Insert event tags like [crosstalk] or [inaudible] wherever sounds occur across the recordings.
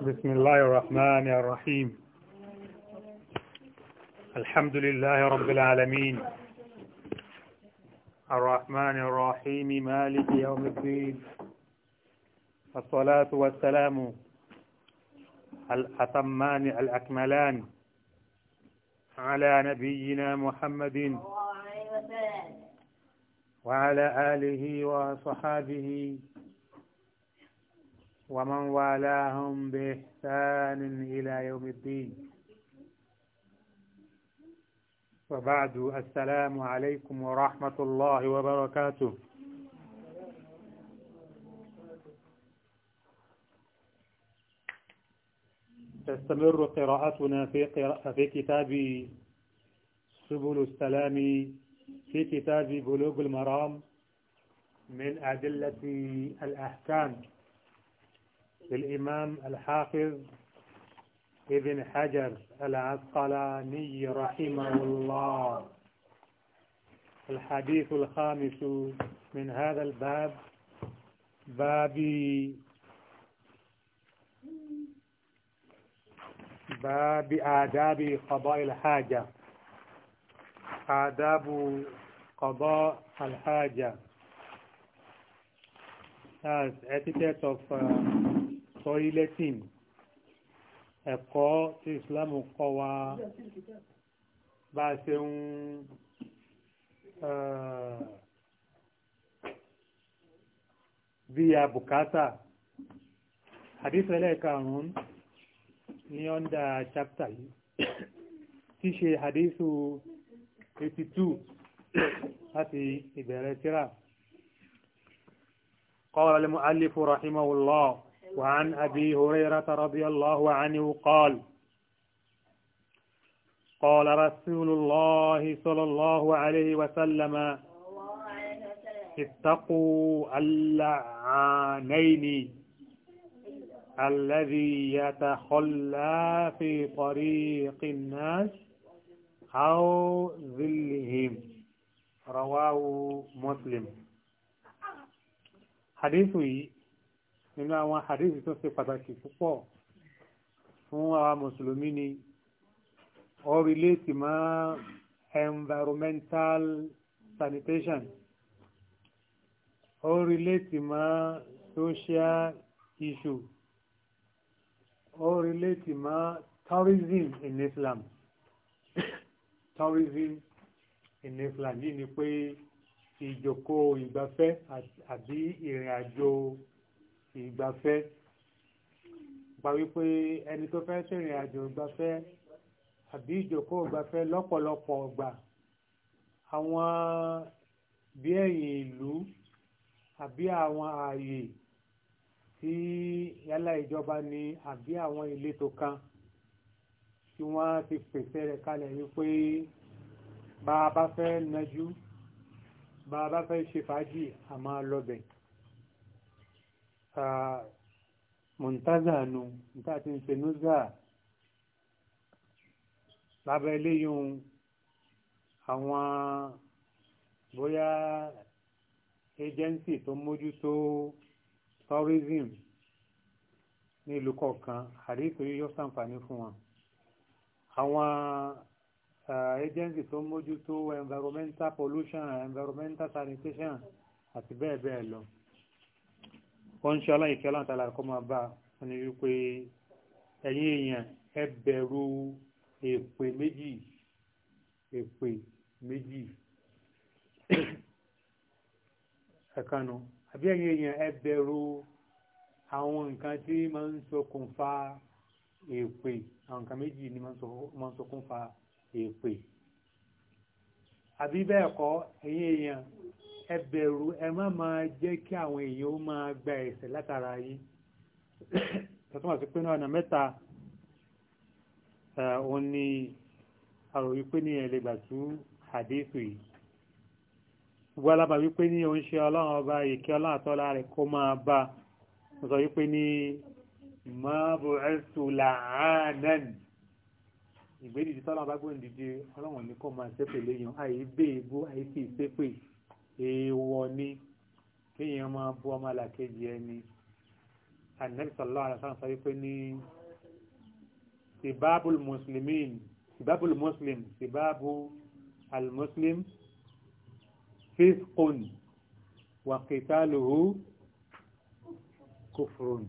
بسم الله الرحمن الرحيم الحمد لله رب العالمين الرحمن الرحيم مالك يوم الدين الصلاة والسلام الأتمان الأكملان على نبينا محمد وعلى آله وصحابه ومن والاهم بإحسان إلى يوم الدين وبعد السلام عليكم ورحمة الله وبركاته تستمر قراءتنا في, قراءة في كتاب سبل السلام في كتاب بلوغ المرام من أدلة الأحكام للإمام الحافظ ابن حجر العسقلاني رحمه الله الحديث الخامس من هذا الباب باب باب آداب قضاء الحاجة آداب قضاء الحاجة As etiquette of uh, sọ yí lẹ́sìn ẹ̀kọ́ tí Islam kọ́ wa bá a ṣe ń bí a bùkátà hadith ẹlẹ́ẹ̀karùn-ún ní ọ́ndà chapter yìí tí ṣe hadith 82 láti ìbẹ̀rẹ̀ tírà قال المؤلف رحمه الله وعن أبي هريرة رضي الله عنه قال قال رسول الله صلى الله عليه وسلم اتقوا اللعانين الذي يتخلى في طريق الناس أو ظلهم رواه مسلم حديثي nínú àwọn àdéhùn tó ṣe pàtàkì púpọ̀ fún àwa mùsùlùmí ni ó rìlẹ́tì environmental sanitation ó rìlẹ́tì mọ́ social issue ó rìlẹ́tì mọ́ tourism in Islam [coughs] tourism in Islam yìí ni pé ìjòkó ìgbafẹ́ àbí ìrìn àjò ìgbafẹ́ gba wípé ẹni tó fẹ́ ṣèrìn àjò ìgbafẹ́ àbí ìjókòó ìgbafẹ́ lọ́pọ̀lọpọ̀ ọgbà àwọn bí ẹ̀yìn ìlú àbí àwọn ààyè tí yálà ìjọba ni àbí àwọn ìletò kan tí wọ́n ti pèsè rẹ̀ kalẹ̀ wípé bá a bá fẹ́ nájú bá a bá fẹ́ ṣe fàájì a máa lọ bẹ̀ mọ̀ntázà nu níta ti ń ṣe núzà lábẹ́ eléyìí àwọn bóyá agency to mojuto tourism ní ìlú kọ̀ọ̀kan àríkò yíyọ́ sàǹfààní fún wọn àwọn agency tó mójútó environmental pollution environmental sanitation àti bẹ́ẹ̀ bẹ́ẹ̀ lọ ó ń ṣe aláìkẹ́ aláǹtàlà kọ́ máa bá a ní wípé ẹ̀yin èèyàn ẹ bẹ̀rù èpè méjì èpè méjì ẹ̀kanu àbí ẹ̀yin èèyàn ẹ bẹ̀rù àwọn nǹkan tí máa ń ṣokùnfà èpè àwọn nǹkan méjì ni máa ń ṣokùnfà èpè àbí bẹ́ẹ̀ kọ́ ẹ̀yin èèyàn ẹ bẹ̀rù ẹ má máa jẹ́ kí àwọn èèyàn ó máa gba ẹ̀ṣẹ̀ látara yín tọ́tún àti pé ní ọ̀nà mẹ́ta eh, òun ni àrò wípé ní ẹ̀lẹ́ gbà tú àdéhùn yìí gbogbo alábàá wípé ní òun ṣe ọlọ́run ọba ìkẹ́ ọlọ́run àtọ́lá rẹ̀ kó máa bá mo sọ wípé ní mọ́bù ẹ̀sù làánàn ìgbédìdì tọ́lọ́run bá gbóhùn ọlọ́run ní kó máa ṣépè léyìn àìbéèbó àìsí ìṣépè yìí èèwọ̀ ni kéèyàn máa bú ọmọ làkejì ẹni ànábì sallallahu alaihi wasallam sọ wípé ní sibabul muslimin sibabul muslim sibabu almuslim fisqun wa qitaluhu kufrun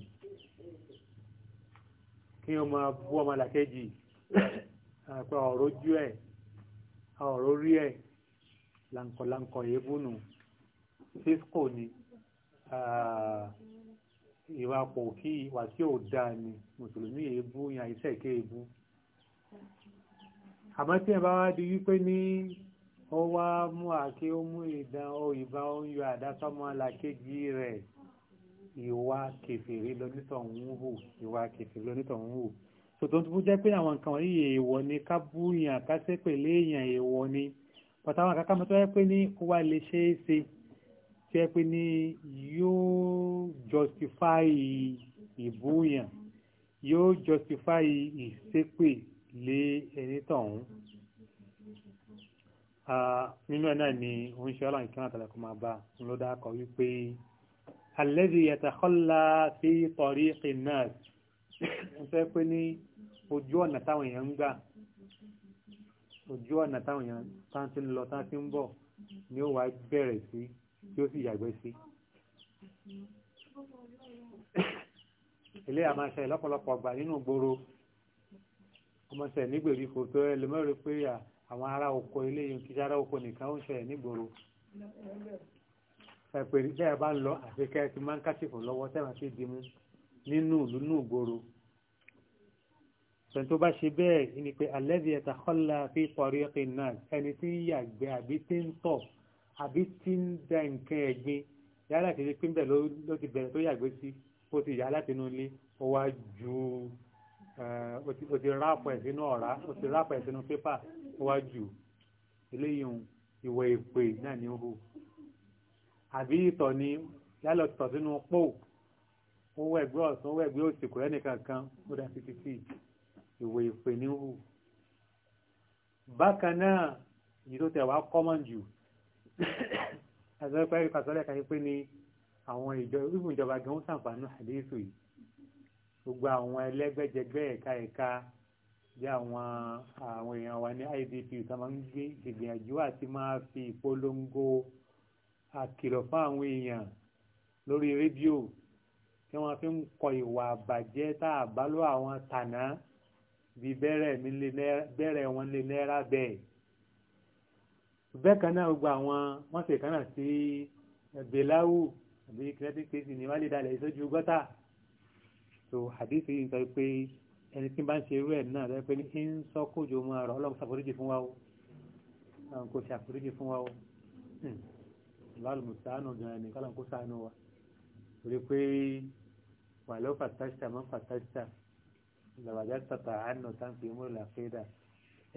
kéèyàn máa bú ọmọ làkejì [coughs] àpẹ ọ̀rọ̀ ojú ẹ̀ ọ̀rọ̀ orí ẹ̀ lankọlankọ èébú nù fífò ni ìwà pọ̀ kí ìwà tí ò dáa ni mùsùlùmí èébú yàn àìsẹ̀ ké èébú àmọ́ tí ẹ bá wá di wípé ní ó wá mú àké ó mú ìdán ó ìbá ó ń yọ àdásọ́mọ́ alákéjì rẹ̀ ìwà kèfèrí lọ́nítọ̀hún hù ìwà kèfèrí lọ́nítọ̀hún hù tòtò tó jẹ́ pé àwọn nǹkan wọ̀nyí èèwọ̀ ni ká bú yàn ká ṣépè léèyàn èèwọ̀ ni pàtàwọn àkàkà mọ́ tó yẹ pé ní ó wá lè ṣe é ṣe tí yẹ pé ní yóò justify ìbúyàn yóò justify ìṣépè lé ẹni tọ̀hún nínú ẹ̀ náà ni òun ṣe ọlọ́run kí wọ́n àtàlẹ́ kó máa bá ló dákọ̀ wípé alladhi yatakhalla fi tariqin nas ojú ọ̀nà táwọn èèyàn ń gbà ojú ọ̀nà táwọn èèyàn tán ti ń lọ tán ti ń bọ̀ ni ó wá bẹ̀rẹ̀ sí tí ó sì yàgbẹ́ sí ilé àmà ṣe lọ́pọ̀lọpọ̀ ọgbà nínú gbòòrò ọmọṣẹ̀ nígbèríko tó ẹlòmọ́rẹ́ pé àwọn ará oko ilé yìí kí sára oko nìkan ó ṣe nígboro ẹ̀pẹ̀rí bẹ́ẹ̀ bá ń lọ àfikẹ́ ti máa ń kásìkò lọ́wọ́ tẹ́wọ̀n sí dimú nínú ìlú sọ tó bá ṣe bẹ́ẹ̀ ni pé alẹ́bí ẹ̀ta kọ́lá fi pọ̀rí ẹ̀kẹ́ náà ẹni tí ń yàgbẹ́ àbí tí ń tọ̀ àbí tí ń da nǹkan ẹ̀gbin yálà kìí pín bẹ́ẹ̀ ló ti bẹ̀rẹ̀ tó yàgbé sí ó ti yà láti inú ilé ó wá ju ó ti ráàpọ̀ ẹ̀ sínú ọ̀rá ó ti ráàpọ̀ ẹ̀ sínú pépà ó wá ju eléyìí ìwọ̀ èpè náà ní hù àbí ìtọ̀ ni yálà ìtọ̀ sínú pò ó wẹ̀gbẹ́ ọ̀sán ó wẹ̀gbẹ́ òsì kò rẹ́nìkan ó dá títí tíì ìwé ìpè ní hù bákan náà yìí tó tẹ̀wá common jù àzọ́pẹ́ rí pàtàkì kan pé ní àwọn ìbùn ìjọba gan sàǹfààní àdéhùsù yìí gbogbo àwọn ẹlẹ́gbẹ́jẹgbẹ́ ẹ̀ka ẹ̀ka bí àwọn àwọn èèyàn wa ní idp tó máa ń gbé gbìyànjú àti máa fi ìpolongo àkìlọ̀ fún àwọn èèyàn lórí rédíò tí wọ́n fi ń kọ ìwà àbàjẹ́ tá a bá lọ àwọn tànà bí bẹ́rẹ̀ wọn lè náírà bẹ́ẹ̀ bẹ́ẹ̀ kan náà gbogbo àwọn wọ́n sì kan náà sí belawu àbí kinetic case ni wọ́n lè dalẹ̀ ìṣojú gọ́tà so hadith yìí sọ pé ẹni tí bá ń ṣe irú ẹ̀ náà lọ́pẹ́ ní ń sọ kójò mọ́ ọ̀rọ̀ ọlọ́run ṣàforíjì fún wa o kò ṣàforíjì fún wa o lálùmùsánù hmm. gan-an ni kọ́lọ̀ kó sánú wa torí pé wà ló fàtàṣà mọ́ fàtàṣà ìgbàgbà tàtà àánú táǹkì mọ́ ìlà fẹ́dà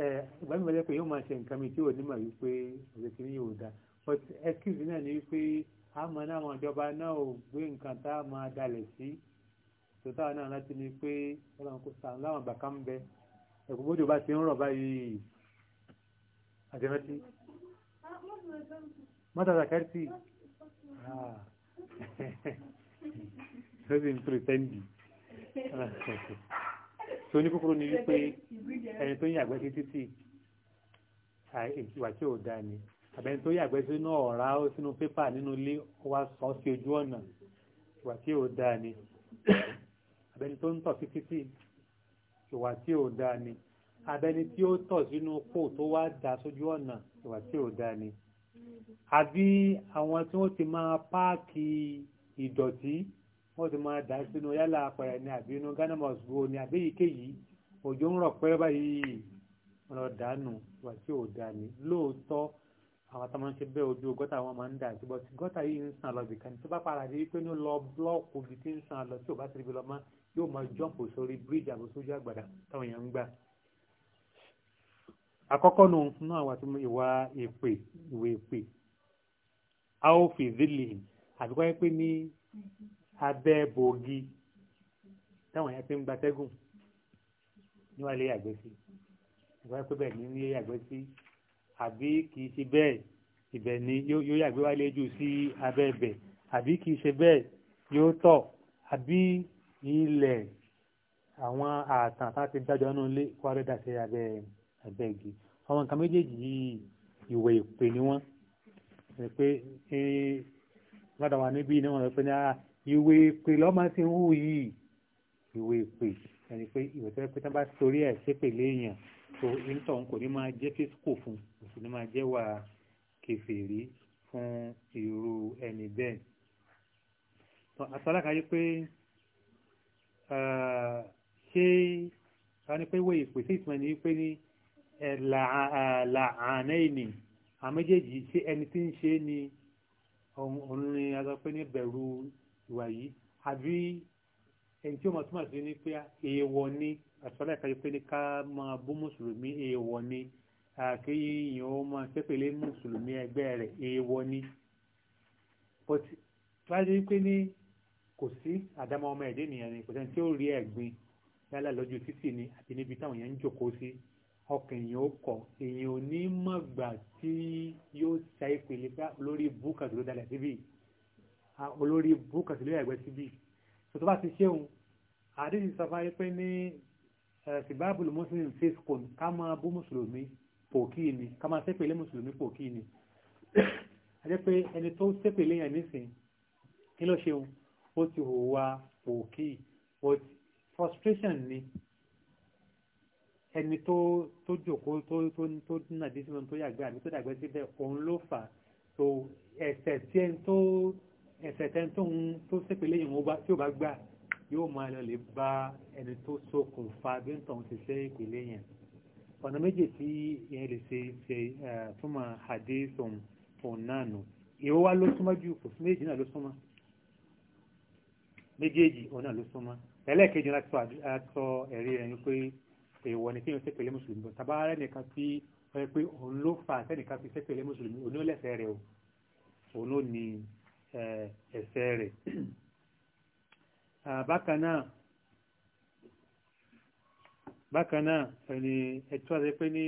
ẹ ìgbà mi bàjẹ́ pé yóò máa ṣe nǹkan mi tí ò ní mà wípé òṣèké ní yóò da but excuse náà ni wípé àmọ́ náà àwọn ìjọba náà ò gbé nǹkan tá a máa dalẹ̀ sí tòótọ́ àwọn náà láti ní pé ọlọ́run kò sàn láwọn àgbà kan bẹ ẹ̀kú bójú bá ti ń rọ̀ báyìí àjẹmẹ́tì mọ́tà zakẹ́tì ah. ló [laughs] sì ń pèrè sẹ́ńdì. [laughs] tí ó ní kúkúrú ni wípé ẹni tó ń yàgbẹ́ sí títì ìwà tí ò dá ni àbẹ́ni tó yàgbẹ́ sínú ọ̀rá ó sínú pépà nínú ilé wa sọ sí ojú ọ̀nà ìwà tí ò dá ni àbẹ́ni tó ń tọ̀ sí títì ìwà tí ò dá ni abẹni tí ó tọ̀ sínú pò tó wá dà sójú ọ̀nà ìwà tí ò dá ni àbí àwọn tí wọ́n ti máa páàkì ìdọ̀tí wọ́n ti máa dà sínú yálà apẹ̀rẹ̀ ní àbí inú ghana must go ní àbí ìkéyìí òjò ń rọ̀ pẹ́ báyìí wọ́n lọ dànù wà tí ò dà ní lóòótọ́ àwọn tó máa ń ṣe bẹ́ẹ̀ ojú gọ́tà wọn máa ń dà sí bọ́tí gọ́tà yìí ń sàn lọ bìkan tó bá padà dé pé ní lọ blọ́ọ̀kù bí ti ń sàn lọ tí ò bá ti rí bí lọ máa yóò máa jọ́pù sórí bíríjì àbòsójú àgbàdà táwọn èèyàn ń gbà. àkọ́kọ́ nu nínú àwọn àti ìwà èpè ìwé èpè a ó fi ìdílé àbíkọ́ yẹ pé ní abẹ́ bòógì táwọn yẹn fi ń gbatẹ́gùn níwájú ilé yàgbẹ́ sí ìwádìí pé bẹ́ẹ̀ ni ilé yàgbẹ́ sí àbí kìí ṣe bẹ́ẹ̀ ibẹ̀ ni yóò yàgbé wálé jù sí abẹ́ ibẹ̀ àbí kìí ṣe bẹ́ẹ̀ yóò tọ̀ àbí ilẹ̀ àwọn ààtàn tá ti dájọ́ nínú ilé kó arẹ́dà sí abẹ́ abẹ́ igi àwọn nǹkan méjèèjì yìí ìwẹ̀ ìpè ni wọ́n pé gbọ́dọ̀ wà níbí ni wọ́n rẹ̀ pé ní ah, ìwé ìpè lọ́mọ ti ń hù yìí ìwé ìpè ẹni pé ìwé tó yẹ pé tán bá torí ẹ̀ ṣépè léèyàn tó ìtọ̀hún kò ní máa jẹ́ físíkò fún kò sì ní máa jẹ́ wà kẹfìrí fún irú ẹni bẹ́ẹ̀. àtàlákà yí pé ṣé a ní pé ìwé ìpè sí ìtumọ̀ ní pé ní làánà ìní àméjèèjì ṣé ẹni tí ń ṣe ni òun ni a sọ pé ní bẹ̀rù ìwà yìí àbí ẹni tí ó máa túmọ̀ sí ni pé èèwọ̀ ni àtúwálà ìkájọ pé ní ká máa bú mùsùlùmí èèwọ̀ ni kí èèyàn ó máa ṣépèlé mùsùlùmí ẹgbẹ́ rẹ̀ èèwọ̀ ni but wáyé pé ní kò sí àdámọ́ ọmọ ẹ̀dẹ́ nìyẹn ni kò sẹ́ni tí ó rí ẹ̀gbin yálà lójú títì ni àti níbi táwọn èèyàn ń jókòó sí ọkàn èèyàn ó kọ èèyàn ò ní mọ̀gbà tí yóò ṣàìpele lórí olórí búkà sílé ẹ̀gbẹ́ síbí so tó bá ti ṣéun àdéhì sàfáyé pé ní sìbáàbùlù muslim fiskun ká máa bú mùsùlùmí pòkí ni ká máa ṣépèlé mùsùlùmí pòkí ni a jẹ́ pé ẹni tó ṣépèlé yẹn nísìn kí ló ṣeun ó ti hùwà pòkí but frustration ni ẹni tó tó jòkó tó tó tó nàdí sí wọn tó yàgbé àbí tó dàgbé síbẹ̀ òun ló fà so ẹ̀sẹ̀ tí ẹni tó ẹ̀sẹ̀ tẹ́ tó ń tó sépèlé yìí tí ó bá gbà yóò máa lọ lè bá ẹni tó ṣokùnfà bí ń tọ̀hún ti ṣe ìpìlẹ̀ yẹn ọ̀nà méjì tí ìyẹn lè ṣe ṣe túmọ̀ àdéhùn òun náà nù ìwọ wá ló súnmọ́ ju kò sí méjì náà ló súnmọ́ méjèèjì òun náà ló súnmọ́ ẹlẹ́ẹ̀kejì láti sọ ẹ̀rí rẹ̀ ni pé èèwọ̀ ni kí n ṣe pẹ̀lẹ́ mùsùlùmí bọ̀ tàbá rẹ̀ nìkan tí wọ́n yẹ pé òun ló fà sẹ́nìkan fi ṣe pẹ̀lẹ́ mùsùlùmí òun ló lẹ́sẹ̀ rẹ̀ o òun ló ní Eh, ẹ̀ṣẹ̀ rẹ̀ ah, bákan náà bákan náà ẹni ẹ̀tọ́ àti pé ní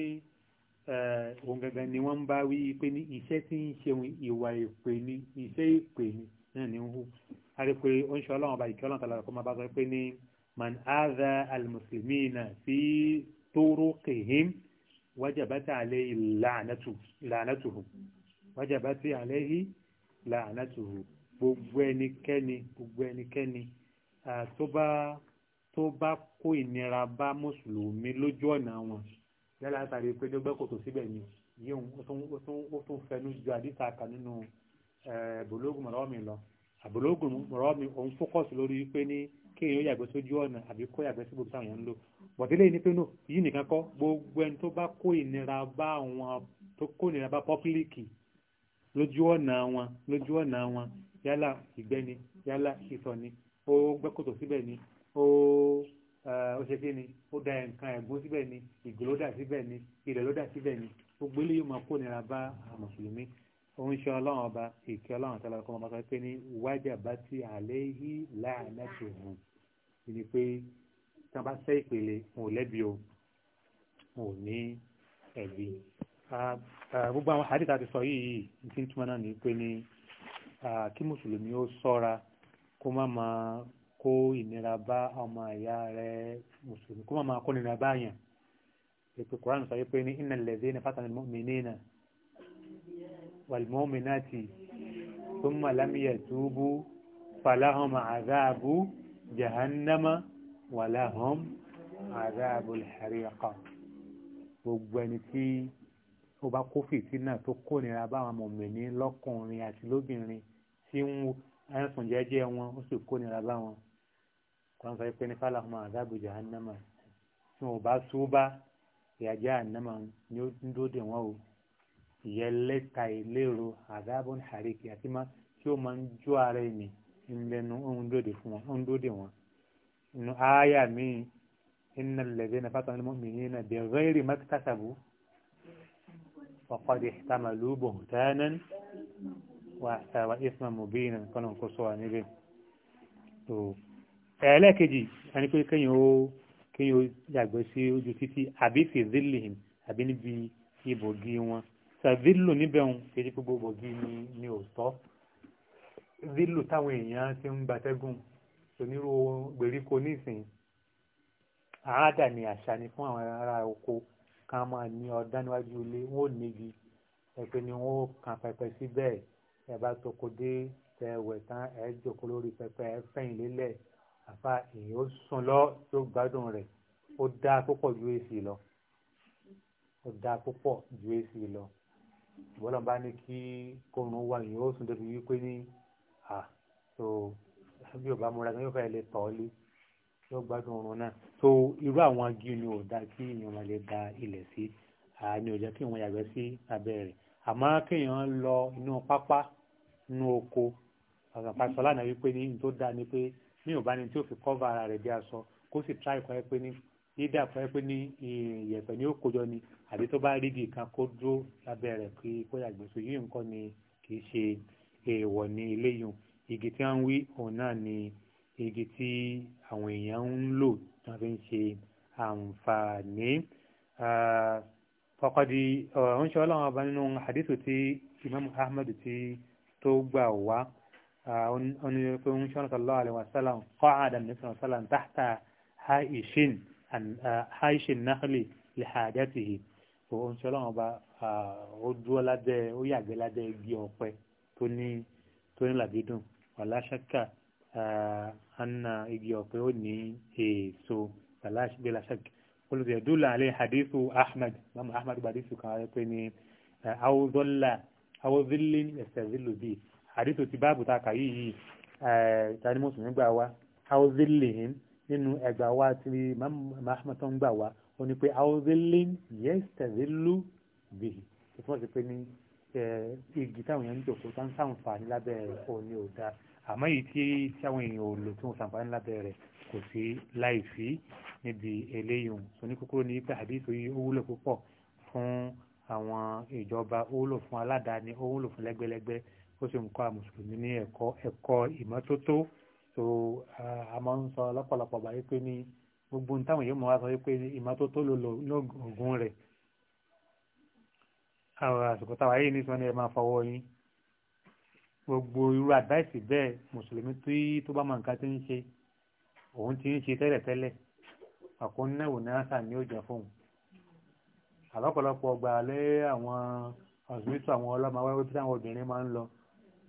ohun eh, gangan ni wọ́n ń bá wí pé ní iṣẹ́ tí ń ṣe ìwà ìpè ní iṣẹ́ ìpè ní náà ní ń hù a rí pé ó ń ṣe ọlọ́run ọba ìkẹ́ ọlọ́run tàbí ọkọ̀ sọ pé ní man adha al-muslimina fi turuqihim wajabata alayhi la'natuhu wajabata alayhi làánàtòhù gbogbo ẹnikẹ́ni gbogbo ẹnikẹ́ni tó bá tó bá kó ìnira bá mùsùlùmí lójú ọ̀nà wọn yálà látàrí pé ní ọgbẹ́ kòtò síbẹ̀ ni yíò ó tún fẹnu ju àdìsá kan nínú bòlógùn mọ̀rọ́ mi lọ àbòlógùn mọ̀rọ́ mi òun fókọ̀sì lórí wípé ní kéèyàn ó yàgbẹ́ sójú ọ̀nà àbí kó yàgbẹ́ sí gbogbo àwọn lò bọ̀délé ní pé nù yìí nìkan kọ́ gbogbo ẹni tó bá kó ìnira bá àwọn tó kó ìnira bá pọ́pílìkì lójú ọ̀nà wọn lójú ọ̀nà wọn yálà ìgbẹ́ni yálà ìsọ̀ni ó gbẹ́kòtò síbẹ̀ ni ó ó ṣe kí ni ó da nǹkan ẹ̀gbọ́n síbẹ̀ ni ìgò ló dà síbẹ̀ ni ìrẹ̀ ló dà síbẹ̀ ni gbogbo eléyìí máa kó nira bá mùsùlùmí òun ṣe ọlọ́run ọba ìkẹ́ ọlọ́run tó lọ́kọ́ ọmọ pé ní wájà bá ti àlẹ́ yìí láàánú tó hàn ni pé tí wọ́n bá sẹ́ ìpele wọn lẹ́bi o wọn ní ẹ̀bi. Eh, gbogbo àwọn àdìta ti sọ yìí tí ń túmọ̀ náà ní pé ní kí mùsùlùmí ó sọ́ra kó má máa kó ìnira bá ọmọ ìyá rẹ̀ mùsùlùmí kó má máa kó ìnira bá yàn ètò kòránù sọ pé ní innal ladhina fatanul mu'minina wal mu'minati thumma lam yatubu falahum azabu jahannama walahum azabul hariqa gbogbo ẹni tí tó bá kó fìtínà tó kó nira báwọn mọ̀mìnì lọ́kùnrin àti lóbìnrin tí ń sùn jẹ́jẹ́ wọn ó sì kó nira báwọn kan sọ pé ní fàlàhùn àdábù jahannama tí wọn bá túbá ìyà jahannama ni ó ń dóde wọn o ìyẹn lẹ́ta ìlérò àdábù àríkì àti má tí ó máa ń jó ara ẹni ńlẹnu ó ń dóde fún wọn ó ń dóde wọn. inú ááyà míì innal ladhina fatanul mu'minina bighayri maktasabu. فقد احتملوا بهتانا وإثما مبينا كان نقصوا عن ابن ẹlẹ́ẹ̀kejì ẹni pé kéyìn ó kéyìn ó yàgbẹ́ sí ojú títí àbí fi zílì hìn àbí níbi ibògì wọn sàvílù níbẹ̀ òun kéjì pé gbogbogi ni ni ò tọ́ zílù táwọn èèyàn ti ń gbatẹ́gùn onírú gbèríko nísìn àádà ni àṣà ni fún àwọn ará oko kan máa ní ọ̀dá níwájú ilé wọn ò níbi ẹ̀pẹ́ ni wọn ò kan pẹpẹ sí bẹ́ẹ̀ ẹ bá toko dé tẹ wẹ̀ tán ẹ jòkó lórí pẹpẹ ẹ fẹ̀yìn lélẹ̀ àfa èyí ó sùn lọ tó gbádùn rẹ̀ ó dáa púpọ̀ ju èsì lọ ó dáa púpọ̀ ju èsì lọ ìwọ́lọ̀ bá ní kí kóòrùn wà yìí ó sùn débi wípé ní à tó bí ò bá múra gan yóò fẹ́ lè tọ́ ọ lé yóò gbádùn oorun náà so irú àwọn agi ni ò da kí èèyàn máa lè da ilẹ̀ sí àní ò jẹ́ kí èèyàn yàgbẹ́ sí abẹ́ rẹ̀ àmọ́ kéèyàn lọ inú pápá inú oko àgbàpasọ lánàá wípé ní tó da ni pé mi ò bá ní tí ó fi kọ́va ara rẹ̀ bí aṣọ kó sì tíráì kọ́ ẹ pé ní dídà kọ́ ẹ pé ní ìyẹ̀pẹ̀ ni ó kójọ ni àbí tó bá rí di kan kó dúró lábẹ́ rẹ̀ kí kó yàgbẹ́ so yìí nǹkan ni kì í ṣe èèwọ̀ ní ilé yìí tí wọ́n ń wí òun náà ni igi tí àwọn èèyàn ń lò tí wọ́n fi ń ṣe àǹfààní. fọkàdì ọ̀hún ṣe ọlọ́run ọba nínú àdìsù tí imam ahmed ti tó gbà wá oníyẹ̀pẹ̀ ọ̀hún ṣe ọlọ́run sallallahu alaihi wasallam kọ́ adam ní sọ̀rọ̀ sálàm tahta haishin haishin nahli lihajatihi òun ṣe ọlọ́run ọba ó dúró lábẹ́ ó yàgbẹ́ lábẹ́ igi ọ̀pẹ tó ní làbídùn wàlá anna igi ọ̀pẹ ó ní èso salash bela shak olùdíyàdúlà alẹ́ hadithu ahmed mama ahmed gbadisi kan wáyé pé ní awudola awudilin ẹsẹ̀zilu bíi hadithu ti báàbù ta kàyí yìí tani mùsùlùmí gbà wá awudilin nínú ẹgbà wá ti mama ahmed tó ń gbà wá ó ní pé awudilin yẹsẹ̀zilu bíi tó fọ́n ti pé ní igi táwọn yẹn ń jòkó tá ń sàǹfà ní lábẹ́ òní ò dáa àmọ́ èyí tí tí àwọn èèyàn ò lò tí wọ́n sàǹfààní lábẹ́ rẹ̀ kò sí láì fi níbi eléyìí òun sọ ní kúkúrú ní pé àdìsí yìí ó wúlò púpọ̀ fún àwọn ìjọba ó wúlò fún aládàáni ó wúlò fún lẹ́gbẹ́lẹ́gbẹ́ ó sì ń kọ́ àmùsùlùmí ní ẹ̀kọ́ ẹ̀kọ́ ìmọ́tótó so a máa ń sọ lọ́pọ̀lọpọ̀ bá yí pé ní gbogbo ní táwọn èèyàn mọ̀ wá sọ pé ìmọ́tótó ló lò lóògùn rẹ̀ àwọn àsìkò táwa yìí ní sọ ni ẹ máa fọwọ́ yín gbogbo irú àdáìsì bẹ́ẹ̀ mùsùlùmí tí tó bá mọ nǹkan tí ń ṣe òun ti ń ṣe tẹ́lẹ̀tẹ́lẹ̀ àkóńnáwó náírà ni ó jẹ fóun àlọ́pọ̀lọpọ̀ ọgbà lé àwọn ọ̀sùnmítù àwọn ọlọ́mọ awẹ́wẹ́ tí àwọn obìnrin máa ń lọ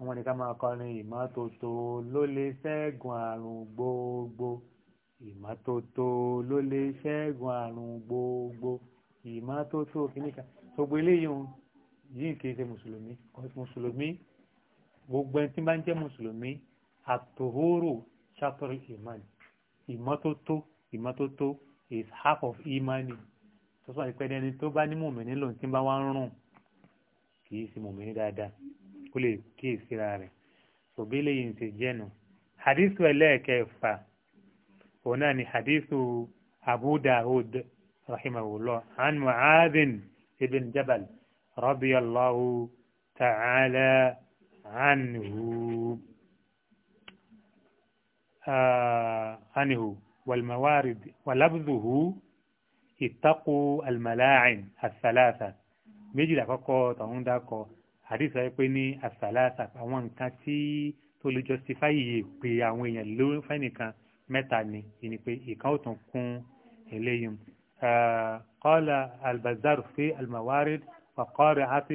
wọn ni ká máa kọrin ìmọ́tótó ló lè ṣẹ́gun àrùn gbogbo ìmọ́tótó ló lè ṣẹ́gun àrùn gbogbo ìmọ́tótó kìíní kan gbogbo eléyìí yìí kìí ṣe mùsùlùmí mùsùlùmí gbogbo ẹni tí bá ń jẹ́ mùsùlùmí àtòhóró ṣàtọ̀rọ̀ ìmánì ìmọ́tótó ìmọ́tótó is half of imani tó sọ ìpẹ́ ẹni tó bá ní mùmìnì lòun tí bá wá ń rùn kì í sí mùmìnì dáadáa kó lè kíyèsí ra rẹ̀ òbí lèyìn ṣe jẹ́nu hadithu ẹlẹ́ẹ̀kẹfà òun náà ni hadithu abu dawud rahimahullah an mu'adhin ibn jabal radiyallahu ta'ala anhu anhu والموارد ولفظه اتقوا الملاعن الثلاثة méjì lákọ́kọ́ tọ̀hún dákọ̀ àdìsọ pé ní àsàlásà àwọn nǹkan tí tó lè justify yìí pé àwọn èèyàn ló ń fẹ́ nìkan mẹ́ta ni ìní pé ìkan ò tún kún eléyìí قال البزار في الموارد وقارعة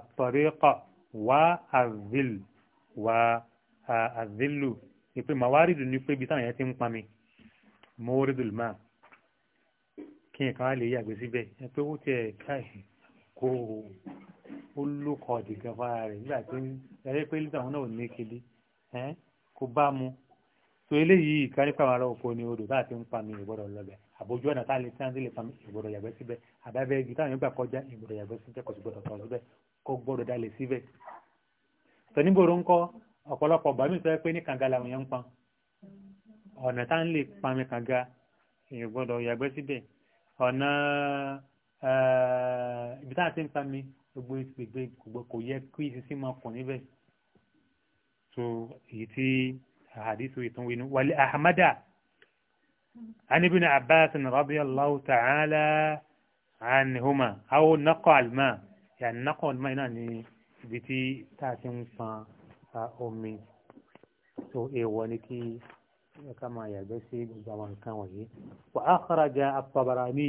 الطريقة wá àzìlù wá àzìlù ìpè màwárídù ní pé ibi táwọn yẹn ti ń pa mi mọ́wórídù lùmá kí nǹkan á lè yàgbé síbẹ̀ ẹ pé ó tiẹ̀ káì kó ó lókọ̀ dìgan fara rẹ̀ nígbà tí ẹ̀rí pé lítà wọn náà ò ní kéde kó bá mu tó eléyìí kárípà máa lọ́wọ́ fún ni odò táà ti ń pa mi ìgbọ́dọ̀ lọ́bẹ̀ àbójú ọ̀nà táà lè tí wọ́n ti lè pa mi ìgbọ́dọ̀ yàgbẹ́ síbẹ̀ àbábẹ́ igi táwọn yóò gbà kọjá ìgbọ́dọ̀ yàgbẹ́ síbẹ̀ kò sì gbọ́dọ̀ tọ̀ lọ́bẹ̀ kò gbọ́dọ̀ dalẹ̀ síbẹ̀ tọ́níbòrò ń kọ́ ọ̀pọ̀lọpọ̀ bàmí sọ pé ní kànga làwọn èèyàn ń pọn ọ̀nà tá ń lè pami kànga èèyàn gbọ́dọ̀ yàgbẹ́ síbẹ̀ ọ̀nà eh, ibi tá à ti ń pami gbogbo ìgbègbè kò yẹ kí ìsinsin máa pọ̀ níbẹ̀ so èyí tí àhàdísù ìtàn wínú wàlẹ̀ ahmada anibina abbas radiyallahu ta'ala anhuma aw naqa al-ma' yàrá nákọ̀ ọdún báyìí náà ní ibi tí tá a ti ń pọn omi tó èèwọ̀ ni kí ká máa yàgbẹ́ sí gbogbo àwọn nǹkan wọ̀nyí. wà á kharaja at-Tabarani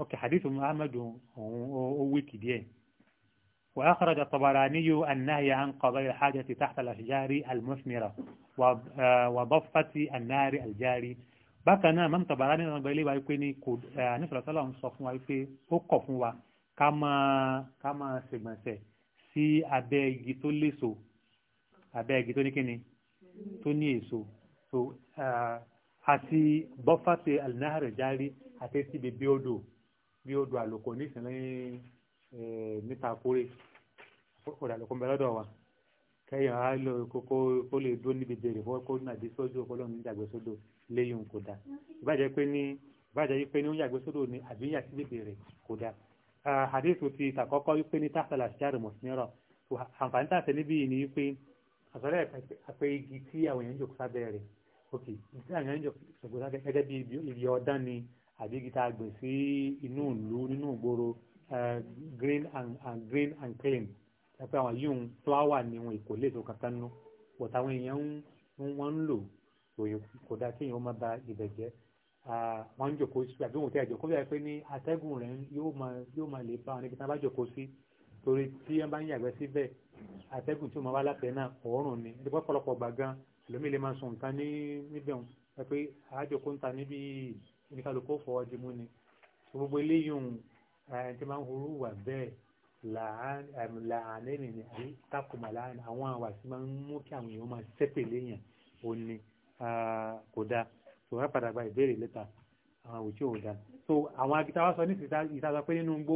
ok hadith muhammad òun oh, ó oh, oh, wíkì díẹ̀ wà á kharaja at-Tabarani an-nahya an qada'i al-hajati tahta al-ashjari al-musmira wà uh, daffati an-nari al-jari bákan náà Tabarani náà gbẹ́lẹ́ wa pé ní kò àníṣòro sọ́lá ń sọ wa pé ó kọ̀ fún wa ká máa ká máa ṣègbọ̀nsẹ̀ sí abẹ́ igi tó léso abẹ́ igi tó ní kíni tó ní èso so àti bọ́fàtì alinahari járí àti síbi bí odò bí odò àlòkò ní ìsìnlẹ̀ níta kórè odò àlòkò ń bẹ lọ́dọ̀ wa kẹyìn á lọ kókó kó lè dúró níbi jèrè fọwọ́ kó nàdí sódò kó lọ́nà ìjàgbé sódò léyìn kò ìbàjẹ́ pé ní ìbàjẹ́ pé ní ó yàgbé sódò ni àbí yà bèbè rẹ̀ kò Eh, hadith ti ìtàkọ́kọ́ wípé ní tásàlà ṣáàrì mọ̀síníọ̀rọ̀ àǹfààní tàṣẹ níbí yìí ni wípé àsọ̀rọ̀ àpẹ igi tí àwọn èèyàn jòkó sábẹ́ rẹ̀ ok tí àwọn èèyàn jòkó sábẹ́ gẹ́gẹ́ bí ibi ọ̀dán ni àbí igi tá a gbìn sí inú ìlú nínú ìgboro eh, green and, and green and clean ẹ̀pẹ́ àwọn yìí ń fúláwà ni wọn kò lè tó kankan nú bọ̀tà àwọn èèyàn ń wọ́n ń lò kò dáa kéèyàn má ba ibẹ̀ jẹ́ wọ́n ń jòkó sí àbí wọ́n tẹ́ àjòkó bí i pé ní atẹ́gùn rẹ̀ yóò máa lè bá wọn níbi tí wọ́n bá jòkó sí torí tí wọ́n bá ń yàgbẹ́ síbẹ̀ atẹ́gùn tí wọ́n bá látẹ̀ náà òórùn ni nípa ọ̀pọ̀lọpọ̀ gbà lómi lè máa sùn nǹkan níbẹ̀ wọn ẹ pé àjòkó ń ta níbi ìníkàlùkò fọwọ́ di mú ni gbogbo eléyìí ohun ẹ̀ tí máa ń horú wà bẹ́ẹ̀ làánẹ́nì ni àyè takùmà láàrin àwọn àwàsí máa ń mú kí àwọn èèyàn máa sẹ́pẹ̀ léèyàn òní kò so wọ́n padà gba ìbéèrè lẹ́tà àwọn àwòtí òun so àwọn akita wa sọ ní ìta sọ pé nínú gbó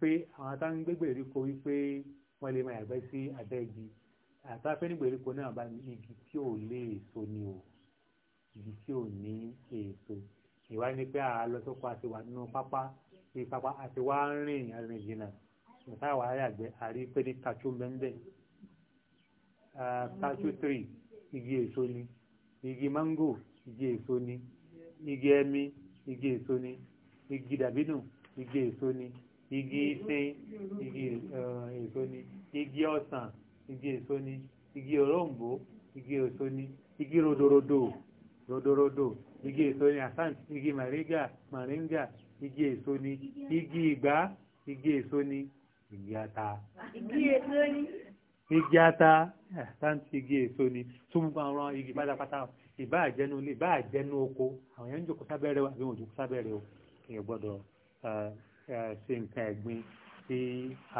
pé àwọn ata ń gbé gbèríko wípé wọ́n lè máa yàgbẹ́ sí abẹ́ igi àtàfẹ́ ní gbèríko náà bá ní igi tí ò lè èso ni o igi tí ò ní èso ìwà ni pé àlọ́ tó kọ́ àti wà nínú pápá bí pápá àti wá rìn arìnrìn jìnnà nípa àwọn aráàgbẹ́ àrí pé ní kachu bẹ́ńbẹ́ kachu tree igi èso ni igi mango igi èso ni igi ẹmi igi èso ni igi dàbínù igi èso ni igi iṣẹ́ igi èso ni igi ọsàn igi èso ni igi òróǹbó igi èso ni igi rodorodo rodorodo igi èso ni asant igi maringa maringa igi èso ni igi ìgbá igi èso ni igi ata igi èso igi ata asant igi èso ni túnbọ̀ àwọn igi pátápátá ìbá àjẹnu ilé ìbá àjẹnu oko àwọn èèyàn ń jòkó sábẹ́rẹ́ àbí wọn ò jòkó sábẹ́rẹ́ o èèyàn gbọ́dọ̀ ṣe nǹkan ẹ̀gbin sí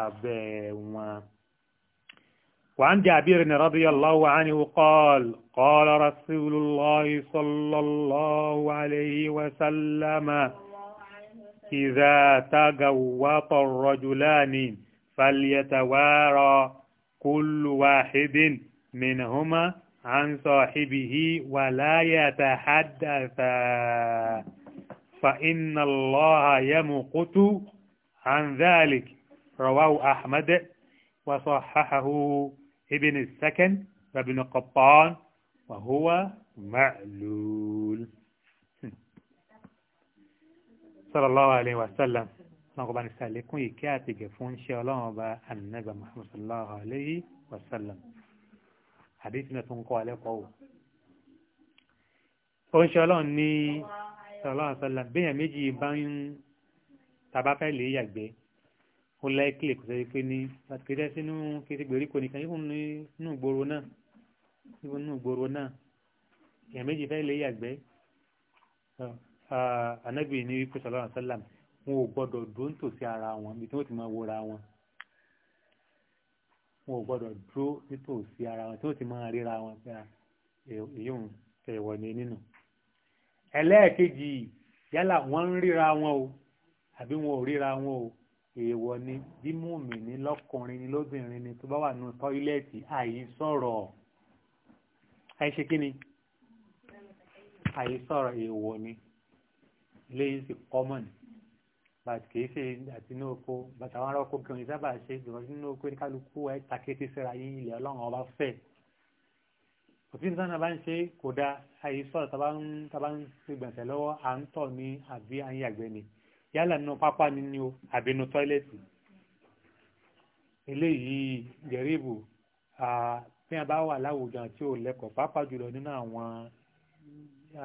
abẹ́ wọn. وعن جابر رضي الله عنه قال قال رسول الله صلى الله عليه وسلم إذا تغوط الرجلان فليتوارى كل واحد منهما عن صاحبه ولا يتحدث فإن الله يمقت عن ذلك رواه أحمد وصححه ابن السكن وابن قطان وهو معلول صلى الله عليه وسلم نقوم نسألكم يكاتي فون شاء الله النبي محمد صلى الله عليه وسلم hadith náà tó ń kọ́ alẹ́kọ̀ọ́ o ó ń ṣe ọlọ́run ní sọlọ́run sọlá béèyàn méjì bá ń tàbá fẹ́ lè yàgbẹ́ ó láìkìlẹ̀ kò sẹ́yìn pé ní kìtẹ́ sínú kìtẹ́ gbèríko nìkan yìí fún nínú ìgboro náà yìí nínú ìgboro náà èèyàn méjì fẹ́ lè yàgbẹ́ anábì ní wípé sọlọ́run sọlá wọn ò gbọ́dọ̀ dóńtò sí ara wọn ibi tí wọ́n ti máa wọra wọn wọn ò gbọ́dọ̀ dúró nítòsí ara wọn tí ó ti máa ríra wọn pé èyún ẹ̀wọ̀ ni nínú ẹlẹ́ẹ̀kejì yálà wọ́n ń ríra wọn o àbí wọn ò ríra wọn o èèwọ̀ ni bí mùmí ní lọ́kùnrin ni lóbìnrin ni tó bá wà nù tọ́ílẹ̀tì àìsọ̀rọ̀ àìṣe kí ni àìsọ̀rọ̀ èèwọ̀ ni eléyìí sì kọ́mọ̀nì but kì í ṣe àti inú oko bàtà àwọn ará oko gan ni sábà ṣe ìgbìmọ̀ sí inú oko ní kálukú ẹ takété síra yín ilẹ̀ ọlọ́run ọba fẹ́ òfin sáà bá ń ṣe kò da àyè sọ̀rọ̀ tá a bá ń ṣe gbọ̀nsẹ̀ lọ́wọ́ à ń tọ̀ ní àbí à ń yàgbẹ́ ni yálà nínú pápá ni ni o àbí inú tọ́ílẹ̀tì eléyìí gẹ̀rìbù tí a bá wà láwùjọ àti ò lẹ́kọ̀ọ́ jùlọ nínú àwọn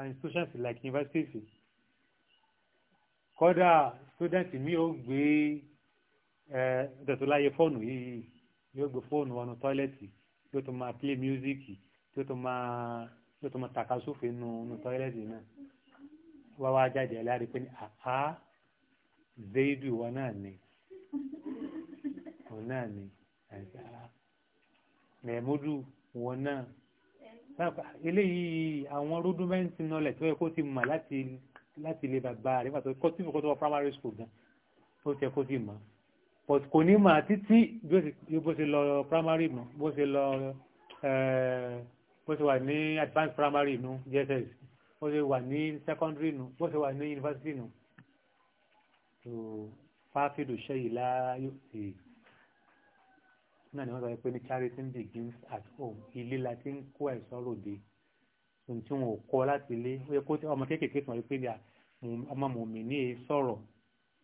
institutions like universities kódà student mi ò gbé ẹ dọ̀tọ̀láyé fóònù yìí yóò gbé fóònù wọnú tọ́ílẹ̀tì yóò tó máa play music yóò tó máa yóò tó máa takasúfè nu nu tọ́ílẹ̀tì náà wá wá jáde ẹ̀ láàrin pé ní àá zaidu wọn náà ni wọn náà ni àìsà mẹ̀múdù wọn náà eléyìí àwọn rúdúmẹ́ǹtì knowledge tó yẹ kó ti mọ̀ láti láti ilé bàbá rẹ̀ pàtó kọ́ tí kò tó wọ primary school gan ó tẹ kó sì mọ́ but kò ní mà títí bó ṣe lọ primary nù bó ṣe lọ eh, bó ṣe wà ní advanced primary nù jss bó ṣe wà ní secondary nù bó ṣe wà ní university nù tó fáfídù ṣẹ́yìí láyò sí i náà ni wọ́n sọ pé ní charity begins at home ilé la ti ń kó ẹ̀sọ́ ròde ohun tí wọn ò kọ́ láti ilé ó yẹ kó ọmọ kéékèèké kan rí pé ní ọmọ mòmí ní èyí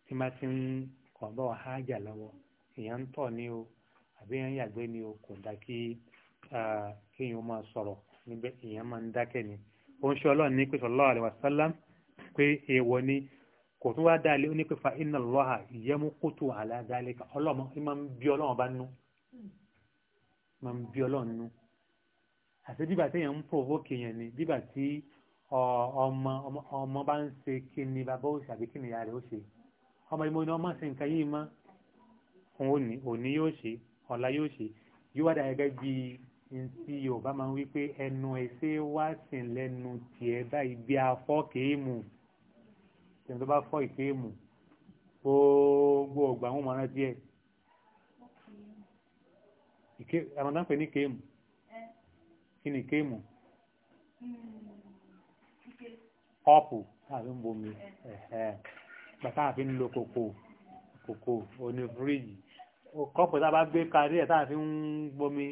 tí má ti ń kàn bá hájà èèyàn ń o àbí èèyàn yàgbẹ́ ni o kò dá kí kéèyàn máa sọ̀rọ̀ níbẹ̀ èèyàn máa ń ni ṣe ní pé ni kò tún wá ó ní pé fa ala ń bí ọlọ́run bá nú ń àti bíbà tí èèyàn ń provoke yẹn ni bíbà tí ọmọ ọmọ bá ń ṣe kí ni bàbá ó ṣe àbí kí ni ìyá rẹ̀ ó ṣe ọmọ ìmọ̀ ni ọmọ ṣe nǹkan yìí mọ́ òní òní yóò ṣe ọ̀la yóò ṣe yóò wádà gẹ́gẹ́ bí ntí yorùbá máa ń wí pé ẹnu ẹsẹ̀ wá sí lẹ́nu tiẹ̀ báyìí bí afọ́ kéèmù tẹ̀sán tó bá fọ́ ìkéèmù gbogbo ọgbà wọn mọ̀ ọ́nà díẹ̀ ìké àwọn ní kéèmù kí ni kéèmù mm, kọ́ọ̀pù tàbí ń bomi eh. bàtà àfi ń lo kòkò kòkò òní fíríjì kọ́ọ̀pù tá a bá gbé kárí ẹ̀ tá ń bomi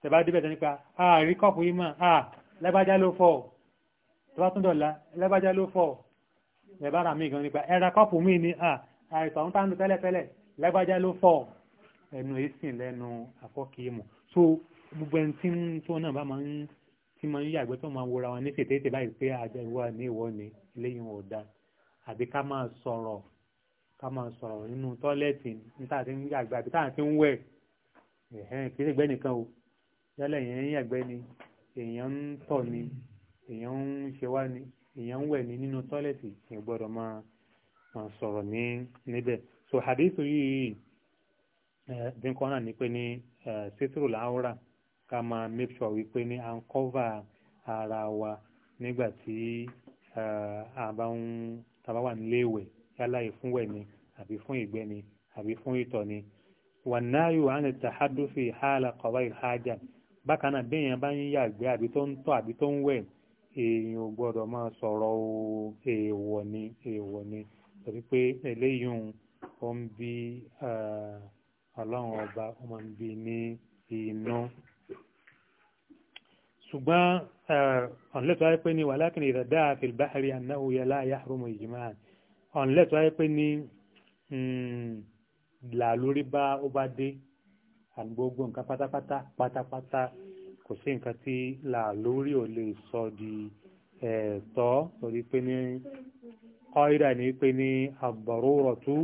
tẹ̀bá débẹ̀ tẹ́ nípa ààrí kọ́ọ̀pù yìí mà á lágbájá ló fọ́ tó bá tún dọ̀la lágbájá ló fọ́ ẹ̀bá rà mí gan nípa ẹ̀ra kọ́ọ̀pù mi ni à àìsàn tá ń lo tẹ́lẹ̀tẹ́lẹ̀ lágbájá ló fọ́ ẹnu èsìn lẹ́nu àfọ́kì mọ̀ so gbogbo ẹni tí wọn náà bá máa ń tí máa ń yàgbẹ́ tó máa wọra wọn ní tètè báyìí pé àjẹwà ní ìwọ ni eléyìí ò da àbí ká máa sọ̀rọ̀ ká máa sọ̀rọ̀ nínú tọ́lẹ́ẹ̀tì níta tí ń yàgbẹ́ àbí táà ti ń wẹ̀ ẹ̀hẹ́n kì í ṣègbẹ́ nìkan o yálẹ̀ èèyàn ń yàgbẹ́ ni èèyàn ń tọ̀ ni èèyàn ń ṣe wá ni èèyàn ń wẹ̀ ni nínú tọ́lẹ́ẹ̀tì ẹ gbọ́dọ̀ máa sọ̀rọ̀ ní níbẹ̀ so hadithu yìí dínkọ́nà eh, ní pé ní eh, sétúrò láwùrà ká máa make sure wípé ní à ń cover ara wa nígbà tí a bá ń tàbá wà nílé ìwẹ̀ yálà ìfúnwẹ̀ ni àbí fún ìgbẹ́ ni àbí fún ìtọ̀ ni. wànáyò àni tàhádùfì hàlà kọ̀wá ìhájà bákan náà bí èèyàn bá ń yàgbẹ́ àbí tó ń tọ̀ àbí tó ń wẹ̀ èèyàn ò gbọ́dọ̀ máa sọ̀rọ̀ o èèwọ̀ ni èèwọ̀ ni torí pé eléyìí ó ń bí ọlọ́run ọba ó máa ń bí ní inú ṣùgbọ́n ọ̀nlẹ́tọ̀ ayé pé ní walakin idha da'a fil bahri annahu la yahrumu ijma'an ọ̀nlẹ́tọ̀ ayé pé ní mm, làlórí bá ó bá dé àti gbogbo nǹkan pátápátá pátápátá kò sí nǹkan tí làlórí ò lè sọ di ẹ̀ẹ̀tọ́ torí pé ní qaida ní pé ní ad-daruratu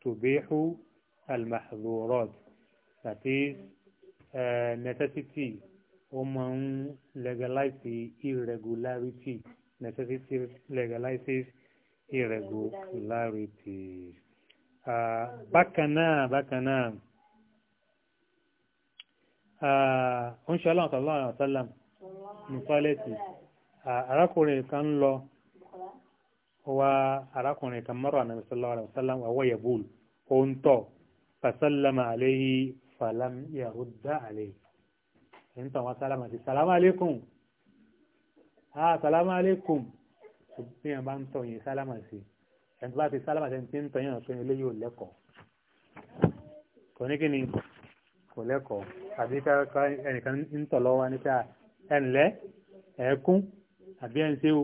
tubihu al necessity ó máa ń legalize irregularity necessity legalizes irregularity. Uh, bákan náà bákan náà ó ń ṣe aláwọ̀ tàbí àwọn àtàlà ní tọ́lẹ̀tì arákùnrin kan ń lọ wa arákùnrin kan mọ́rọ̀ ànàbì sallallahu alaihi wasallam wa yabul ó ń tọ̀ fasallama alayhi falam yarudda alayhi ẹ̀ntàn wa sálámà sí sálámà alékùn ah sálámà alékùn bí wọn bá ń tọ̀ yẹn sálámà sí ẹ̀ntì bá ti sálámà sí ẹ̀ntì ń tọ̀ yẹn ọ̀pẹ́ ilé yóò lẹ́kọ̀ọ́ kò ní kíni kò lẹ́kọ̀ọ́ àbí ká ẹnìkan ń tọ̀ lọ́wọ́ nípa ẹ̀ǹlẹ́ ẹ̀ẹ́kún àbí ẹ̀ǹsẹ́ o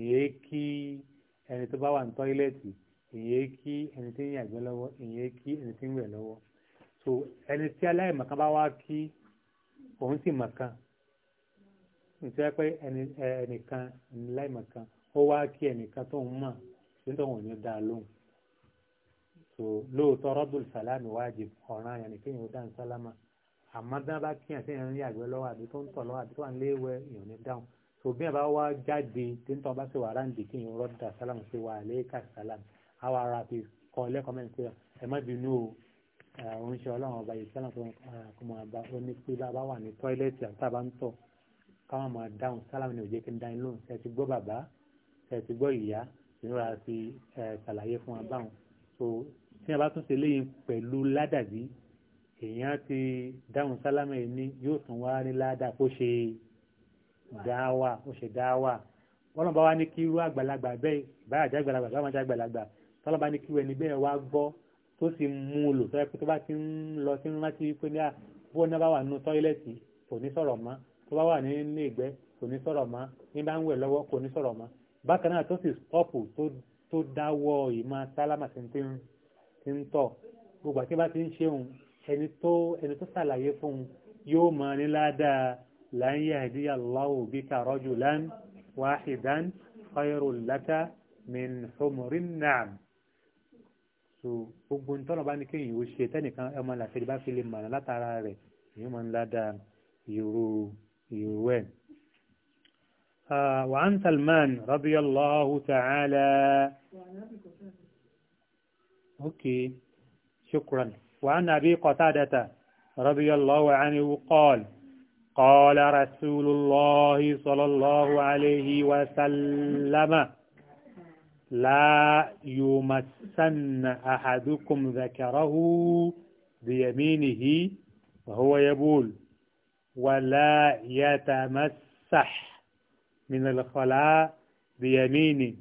èyí kí ẹni tó bá wà ní tọ́ílẹ̀tì èyí kí ẹni tí ń yàgbẹ́ lọ́wọ́ èyí kí ẹni tí ń wẹ̀ lọ́wọ́ so ẹni tí aláìmọ̀kan bá wá kí òun sì mọ̀ kan nítorí pé ẹnìkan láìmọ̀kan ó wá kí ẹnìkan tó ń mọ̀ tí tó ń ní dá lóhùn tó lóòótọ́ rọ́dùn sàlámì wájib ọ̀ràn yẹn nìkan yóò dá ń sálámà àmọ́ dá bá kí ẹ̀ sẹ́yìn rí àgbẹ̀ lọ́wọ́ àbí tó ń tọ̀ lọ́wọ́ àbí tó wà nílé ìwẹ̀ èèyàn ní dáhùn tó bí ẹ̀ bá wá jáde tí ń tọ́ bá sì wà ráǹdì kí èèyàn rọ́dùn sàlámì sí wà lẹ́ẹ̀ka sàlámì àwọn ará fi kọ́ lẹ́kọ̀ọ́ mẹ́rin pé ẹ má bínú o òun ṣe ọlọ́run ọba ìṣẹ́ náà tó kó máa bá ó ní pé bá wà ní tọ́ílẹ̀tì àti tábà ń tọ̀ káwọn máa dáhùn sálámù ní òjé kí n dání lóhùn ṣe ti gbọ́ bàbá ṣe ti gbọ́ ìyá ìnura ti ṣàlàyé fún wa báwọn so tí wọn bá tún ṣe léyìn pẹ̀lú ládàbí èèyàn ti dáhùn sálámù yìí ní yóò tún wá ní ládà kó ṣe dáwà ó ṣe dáwà wọ́n bá wá ní kí irú àgbàlagbà bẹ́ẹ̀ ìbárajà àgbàlagbà bá wọn jẹ́ àgbàlagbà tọ́lọ́ bá ní kí irú ẹni bẹ́ẹ̀ wá gbọ́ tó sì mú un lò tó yẹ pé tó bá ti ń lọ sí rántí pé ní bó ní bá wà nínú tọ́ílẹ̀tì kò ní sọ̀rọ̀ mọ́ tó bá wà nínú ìgbẹ́ kò ní sọ̀rọ̀ mọ́ ní bá ń wẹ̀ lọ́wọ́ kò ní sọ̀rọ̀ mọ́ bákan náà tó sì stọ́pù tó dáwọ́ ìmọ̀ sálámà ti ń tọ̀ gbogbo àti bá ti ń ṣe òun ẹni tó ṣàlàyé fún un yóò mọ ní ládàá láyé àdíyà lọ́wọ́ bí kàrọ́jù lán wáhìdán khairul laka min so gbogbo ntọ́nà bá ní kéèyàn ó ṣe tẹ́nìkan ọmọ làṣẹ́lẹ̀ bá fi lè mọ̀nà látara rẹ̀ èyàn máa ń ládàá ìró ìró ẹ̀. وعن سلمان رضي الله تعالى أوكي nàbí وعن dátà rabi allahu الله عنه قال قال رسول الله صلى الله عليه وسلم لا يمسن أحدكم ذكره بيمينه وهو يبول ولا يتمسح من الخلاء بيمينه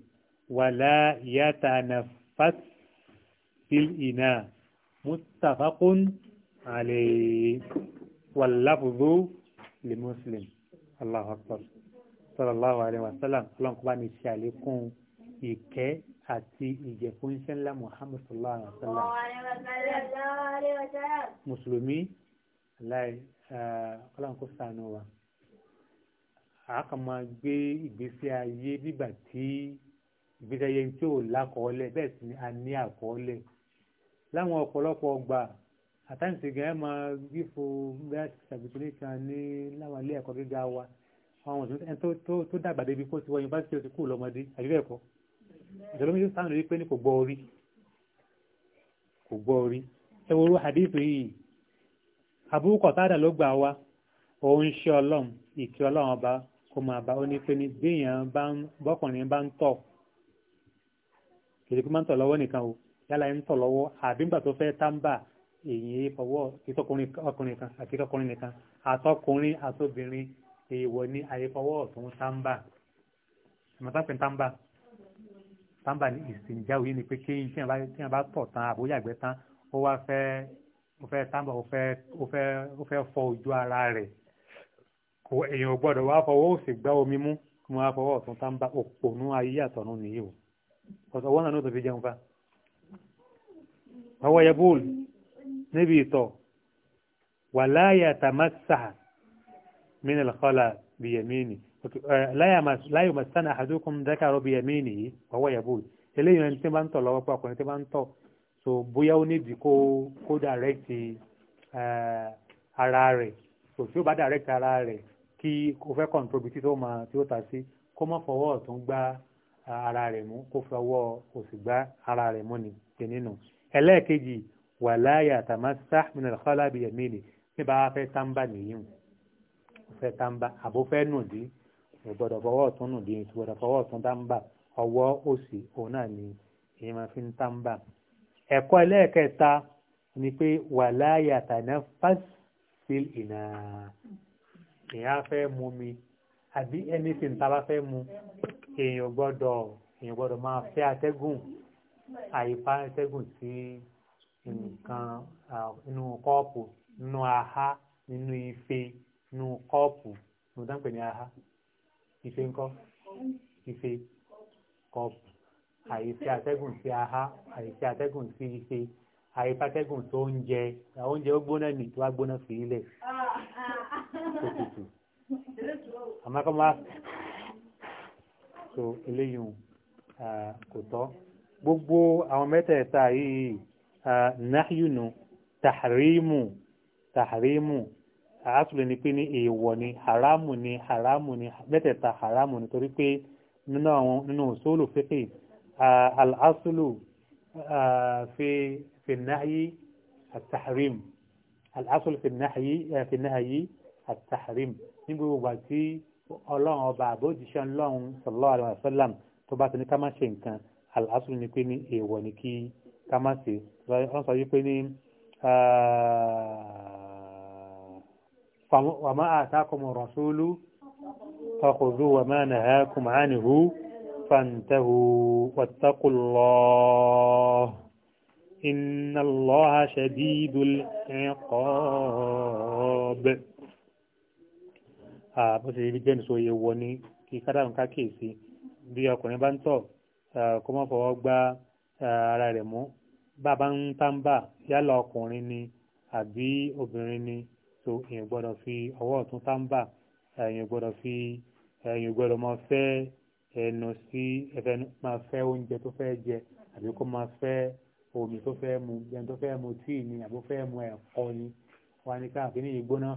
ولا يتنفس في الإناء متفق عليه واللفظ لمسلم الله أكبر صلى الله عليه وسلم اللهم قبعني شاليكم ìkẹ́ àti ìjẹ̀kún ṣẹ́lá muhammad sallallahu alaihi wa sallam mùsùlùmí láì ọlọ́nkó sànù wa àákà máa gbé ìgbésí ayé nígbà tí ìgbésí ayé tí ò lákọọ́lẹ̀ bẹ́ẹ̀ sì ni a ní àkọọ́lẹ̀ láwọn ọ̀pọ̀lọpọ̀ ọgbà àtàǹtì gẹ̀ẹ́ máa gbífo bẹ́ẹ̀ sàbìtìlẹ̀ kan ní láwọn ilé ẹ̀kọ́ gíga wa àwọn òṣèlú tó dàgbà débi kó ti wọ yunifásitì ó ti kú lọ́mọdé àbí bẹ́ẹ̀ kọ́ ìṣẹ̀lómi yóò sáàrùn wípé ní kò gbọ́ orí kò gbọ́ orí ẹwọ́rú hadith yìí Abu Qatada ló gbà wá òun ṣe ọlọ́run ìkí ọlọ́run ọba kò máa bá ó ní pé ní béèyàn bá ń bọ́kùnrin bá ń tọ̀ kìlì pé máa ń tọ̀ lọ́wọ́ nìkan o yálà ń tọ̀ lọ́wọ́ àbí ńgbà tó fẹ́ táǹbà èyí fọwọ́ ìtọ́kùnrin ọkùnrin sábà ní ìsìnjá òye ni pé kéyìn tí wọn bá tọ̀ tán àbóyá ìgbẹ́ tán ó wá fẹ́ ó fẹ́ sábà ó fẹ́ ó fẹ́ ó fẹ́ fọ ojú ara rẹ̀ kò èèyàn gbọ́dọ̀ wá fọwọ́ ó sì gbá omi mú kí wọ́n á fọwọ́ ọ̀tún sábà òpònú ayé àtọ̀nù nìyí o ọ̀sọ̀ wọn náà ló tó fi jẹun fa ọwọ́ yẹ bóòlù níbi ìtọ̀ wàláyà tàmásà mí láyò mọ̀sánà àdókùn dákàrọ̀ bíi ẹ̀mí nìyí ọwọ́ yẹ̀bùd eléyìí ẹni tí wọ́n bá ń tọ̀ lọ́wọ́ pé ọkùnrin tí wọ́n bá ń tọ̀ so bóyá ó nídìí kó kó dàrẹ́kì ara rẹ̀ so tí ó bá dàrẹ́kì ara rẹ̀ kí o fẹ́ kọ̀ǹtrol bíi tí tó máa tí ó ta sí kó má fọwọ́ ọ̀tún gbá ara rẹ̀ mú kó fọwọ́ òsì gbá ara rẹ̀ mú ni ṣe nínú ẹlẹ́ẹ̀kejì wàláyà tàmásá mìnàlẹ́kọ́lá bíi ẹ̀mí nìyí níbà fẹ́ tàǹbà nìyí fẹ́ tàǹbà àbó fẹ́ nù dín ẹ gbọ́dọ̀ fọwọ́ ọ̀tún nù bí èso gbọ́dọ̀ fọwọ́ ọ̀tún táǹbà ọwọ́ òsì òun náà ni èyí máa fi ń táǹbà. ẹ̀kọ́ ẹlẹ́ẹ̀kẹta ni pé wala yatanafas fil ina èèyàn á fẹ́ mu mi àbí anything tá a bá fẹ́ mu èèyàn gbọ́dọ̀ èèyàn gbọ́dọ̀ máa fẹ́ atẹ́gùn àyíká atẹ́gùn sí nǹkan inú kọ́ọ̀pù nínú aha nínú ife nínú kọ́ọ̀pù nínú dáńpẹ̀ ní aha ife ńkọ́ ife kọ́ọ̀pù àìsí atẹ́gùn sí aha àìsí atẹ́gùn sí ife àìsí atẹ́gùn sí oúnjẹ oúnjẹ ó gbóná nì tó wá gbóná sí ilẹ̀ tututu àmọ́ kọ́ máa so eléyìí kò tọ́ gbogbo àwọn mẹ́tẹ̀ẹ̀ta yìí náhìyùnù tàhrímù tàhrímù àásùlẹ̀ ni pé ní èèwọ̀ ni haramu ni haramu ni mẹ́tẹ̀ẹ̀ta haramu ni torí pé nínú àwọn nínú sóòlù fífì al-aslu fi fi nahyi at-tahrim al-aslu fi nahyi eh, fi nahyi at-tahrim ní gbogbo ìgbà tí ọlọ́run ọba àbójíṣẹ́ ọlọ́run sallallahu alaihi wasallam tó bá ti ní ká ṣe nǹkan al ni pé ní èèwọ̀ ni kí ká ṣe wọ́n sọ yí pé ní wàmá àtàkùnmù rọ̀súlù fàkùzú wàmá nàhákùn ánìhú fàntàhù wàtàkùnlọ́ iná lọ́ha ṣẹ̀dídùl ẹ̀kọ́ọ̀bẹ̀ àbúṣe ibi jẹ́ nìṣó iye wọ ní kí kádàrùn kákèsí bí ọkùnrin bá ń tọ̀ kó mọ́ fọwọ́ gbá ara rẹ̀ mú bàbá ń tàǹbà yálà ọkùnrin ni àbí obìnrin ni so èèyàn gbọ́dọ̀ fi ọwọ́ ọ̀tún táǹbà èèyàn gbọ́dọ̀ fi èèyàn gbọ́dọ̀ máa fẹ́ ẹnu sí ẹfẹ́ máa fẹ́ oúnjẹ tó fẹ́ jẹ àbí kó máa fẹ́ omi tó fẹ́ mu jẹun tó fẹ́ mu tíì ni àbó fẹ́ mu ẹ̀kọ́ ni wọ́n á ní káàkiri ní ìgbóná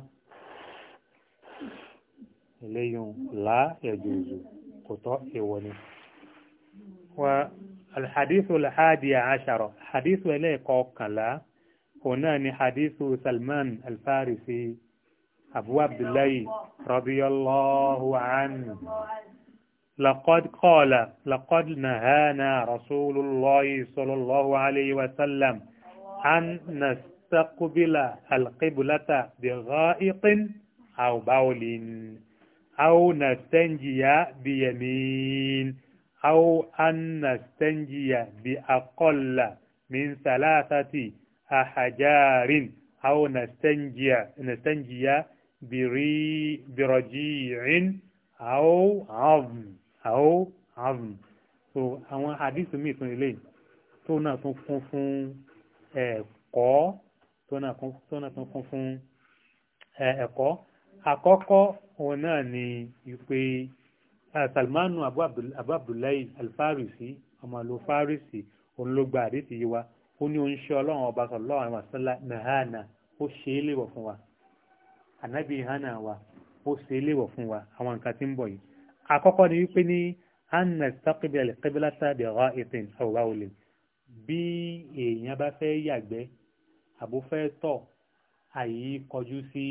eléyìn lá ẹ̀jùzù kò tọ́ ìwọ ni. wa alhadithu alhadi ashara hadithu ẹlẹ́ẹ̀kọ́ ọ̀nà حديث سلمان الفارسي أبو عبد الله رضي الله عنه لقد قال لقد نهانا رسول الله صلى الله عليه وسلم أن نستقبل القبلة بغائط أو بول أو نستنجي بيمين أو أن نستنجي بأقل من ثلاثة ahajarin aw nastanjiya nastanjiya biri birajiin aw azm aw azm so àwọn hadith mi tún eléyìí tó náà tún kún fún ẹ̀kọ́ tó náà tún kún fún ẹ̀kọ́ àkọ́kọ́ òun náà ni wípé salmanu abu abdullahi alfarisi ọmọ ìlú farisi òun ló gba àdìsí yìí ó ní oúnṣẹ́ ọlọ́run ọba sọ̀lọ́run àwọn àṣọlá mẹ́hánà ó ṣe é léwọ̀ fún wa ànábì hánà wa ó ṣe é léwọ̀ fún wa àwọn nǹkan tí ń bọ̀ yìí àkọ́kọ́ ni wípé ní anna saqibẹ̀lẹ̀ kẹbílátà bí ọ̀rọ̀ ìsìn ọ̀wá olè bí èèyàn bá fẹ́ yàgbẹ́ àbó fẹ́ tọ̀ àyí kọjú sí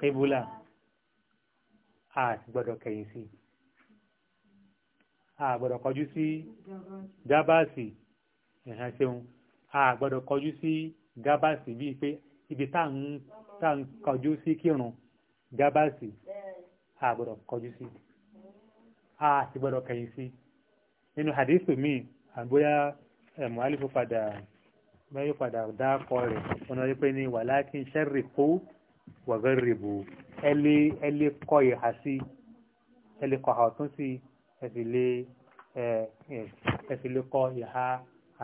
kẹbílà àti gbọ́dọ̀ kẹ̀yìn sí àgbọ́dọ̀ kọjú sí dábàásì ẹ̀hán ṣeun a gbọ́dọ̀ kọjú sí gábàsì bíi pé ibi tá à ń kọjú sí kírun gábàsì a gbọ́dọ̀ kọjú sí a sì gbọ́dọ̀ kẹ̀yìn sí nínú hadithu míì àbóyá ẹ̀mọ́ alifu padà mẹ́yọ́ padà dá rẹ̀ wọn lọ pé ní walakin sharriqu wa gharribu ẹ lè kọ ìhà sí ẹ lè kọ àwọ̀tún sí ẹ sì lè kọ ìhà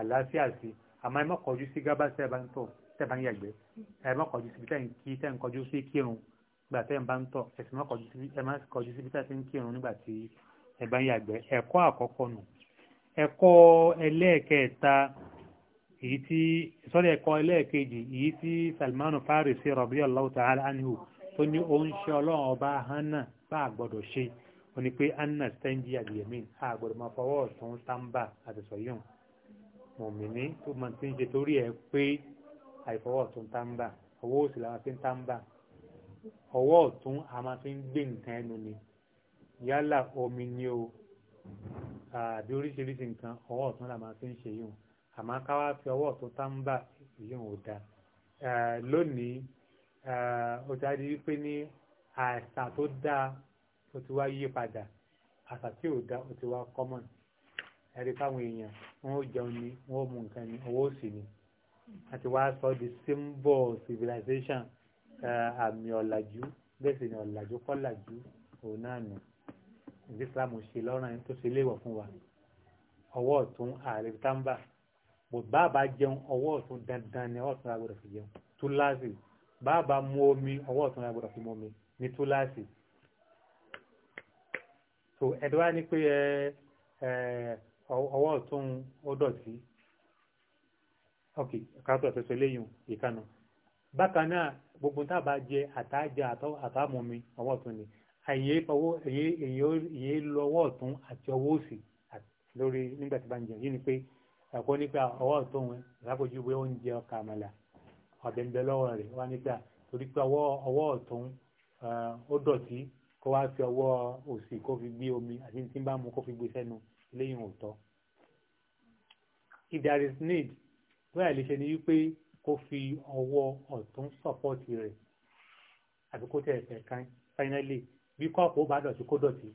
àlàáfíà sí àmọ́ ẹ má kọjú sí gábà sẹ́ẹ̀bá ń tọ̀ sẹ́ẹ̀bá ń yàgbẹ́ ẹ má kọjú síbi tẹ́ẹ̀ ń kí tẹ́ẹ̀ ń kọjú sí kírun nígbà tẹ́ẹ̀ ń bá ń tọ̀ ẹ sì má kọjú síbi tẹ́ẹ̀ ń kírun nígbà tí ẹ bá ń yàgbẹ́ ẹ̀kọ́ àkọ́kọ́ nù ẹ̀kọ́ ẹlẹ́ẹ̀kẹta èyí tí sọ́dọ̀ ẹ̀kọ́ ẹlẹ́ẹ̀kejì èyí tí Salmanu Farisi radiyallahu ta'ala anhu tó ní ó ń ṣe ọlọ́run ọba mọ̀mìnì tó máa ti ń ṣe torí ẹ̀ pé àìfọwọ́ ọ̀tún tá ń òsì làwọn fi ń tá ọwọ́ ọ̀tún a máa fi ń gbé nǹkan ẹnu ni yálà omi ni o àbí oríṣiríṣi nǹkan ọwọ́ ọ̀tún la máa fi ń ṣe yìí àmọ́ ká wá fi ọwọ́ ọ̀tún tá yìí ò da lónìí ó jáde wípé ní àṣà tó dáa ó ti wá yí padà àṣà tí ò dáa ó ti wá common ẹ̀rí káwọn èèyàn wọn ó jẹun ni wọn ó mú nǹkan ni owó sì ni àti wá sọ di symbol civilization eh, àmì ọ̀làjú bẹ́ẹ̀ sì ni ọ̀làjú kọ́làjú òun náà nù ìdí islam ṣe lọ́rùn tó ṣe léèwọ̀ fún wa ọwọ́ ọ̀tún ààrẹ tàǹbà bò bàbá jẹun ọwọ́ ọ̀tún dandan ni ọwọ́ ọ̀tún agbọ́dọ̀ fi jẹun túláàsì bàbá mu omi ọwọ́ ọ̀tún agbọ́dọ̀ fi mu omi ní túláàsì so ẹ̀dọ́ wa ni pé ẹ eh, ẹ. Eh, ọwọ́ ọ̀tún ó dọ̀tí ok kàtọ́ ọ̀tẹ̀sẹ̀ léyìn ìkànnà bákan náà gbogbo tá a bá jẹ àtàjà àtàmọ́mi ọwọ́ ọ̀tún ni àyè fọwọ́ èyí lọ ọwọ́ ọ̀tún àti ọwọ́ òsì lórí nígbà tí bá ń jẹun yìí ni pé ẹ̀kọ́ nípa ọwọ́ ọ̀tún ìsàkójú pé oúnjẹ ọkà àmàlà ọ̀bẹ̀ lọ́wọ́ rẹ̀ wá nígbà torí pé ọwọ́ ọ̀tún ó dọ̀tí kó wá fi ọwọ́ òsì kó fi gbé omi àti tí ń bá mu kó fi gbé sẹ́nu lẹ́yìn òótọ́ if there is need bóyá lè ṣe ni wípé kó fi ọwọ́ ọ̀tún sọ́pọ́ọ̀tì rẹ̀ àbí kó tẹ̀ ẹ̀fẹ̀ kan finally bí kọ́ọ̀pù ó bá dọ̀tí kó dọ̀tí